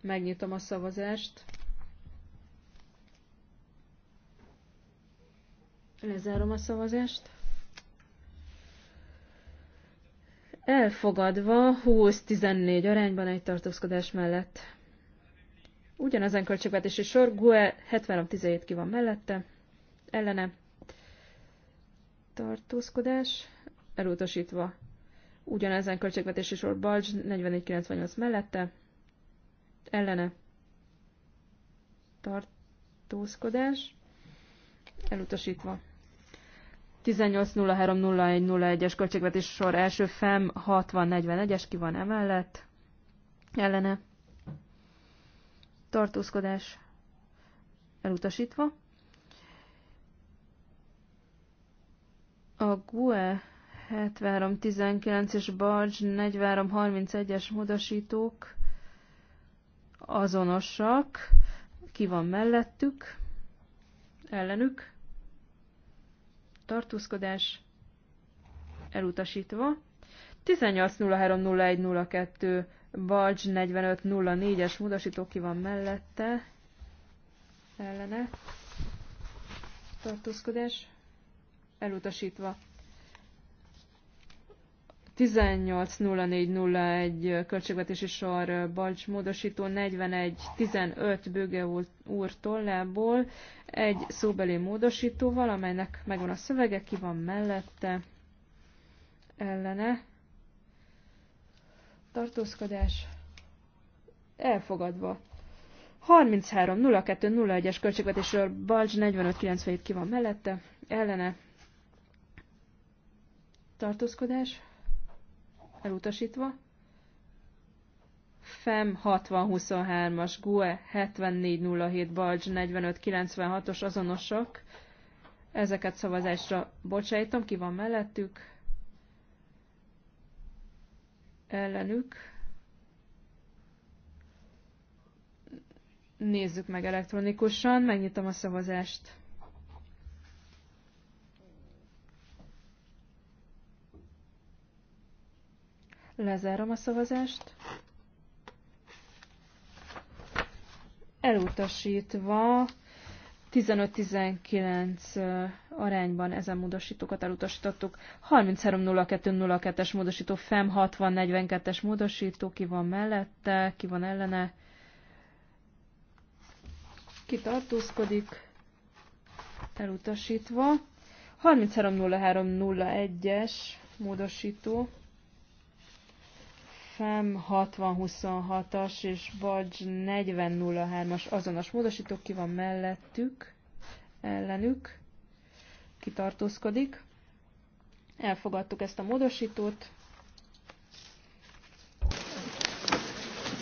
Megnyitom a szavazást. Lezárom a szavazást. Elfogadva 20-14 arányban egy tartózkodás mellett. Ugyanezen költségvetési sor, GUE 7317 ki van mellette, ellene tartózkodás, elutasítva. Ugyanezen költségvetési sor, Balcs 4498 mellette, ellene tartózkodás, elutasítva. 18.03.01.01-es költségvetési sor első FEM 60.41-es, ki van emellett, ellene tartózkodás elutasítva. A GUE 7319 és Barge 4331-es módosítók azonosak, ki van mellettük, ellenük, tartózkodás elutasítva. 1803 Balcs 4504-es módosító ki van mellette, ellene, tartózkodás, elutasítva. 18.04.01 költségvetési sor Balcs módosító 41.15 Böge úr tollából egy szóbeli módosító valamelynek megvan a szövege, ki van mellette, ellene, tartózkodás elfogadva. 33 02 01 es költségvetésről Balcs 45.97 ki van mellette, ellene tartózkodás elutasítva. FEM 6023-as, GUE 7407, Balcs 4596-os azonosak. Ezeket szavazásra bocsájtom, ki van mellettük, ellenük. Nézzük meg elektronikusan, megnyitom a szavazást. Lezárom a szavazást. Elutasítva 15-19 arányban ezen módosítókat elutasítottuk. 02 es módosító, FEM 42 es módosító, ki van mellette, ki van ellene, ki tartózkodik, elutasítva. 33.03.01-es módosító, FEM 6026-as és BAGY 4003-as azonos módosítók ki van mellettük, ellenük, kitartózkodik. Elfogadtuk ezt a módosítót.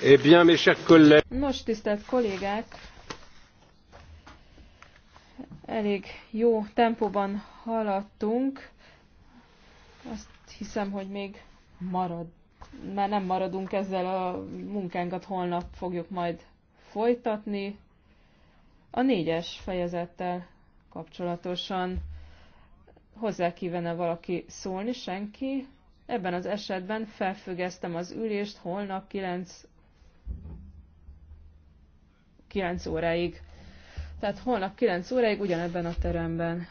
Eh bien, mes chers collègues. Nos, tisztelt kollégák, elég jó tempóban haladtunk. Azt hiszem, hogy még marad már nem maradunk ezzel a munkánkat, holnap fogjuk majd folytatni. A négyes fejezettel kapcsolatosan hozzá kívene valaki szólni, senki. Ebben az esetben felfüggesztem az ülést holnap 9, 9 óráig. Tehát holnap 9 óráig ugyanebben a teremben.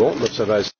Bon, donc ça va.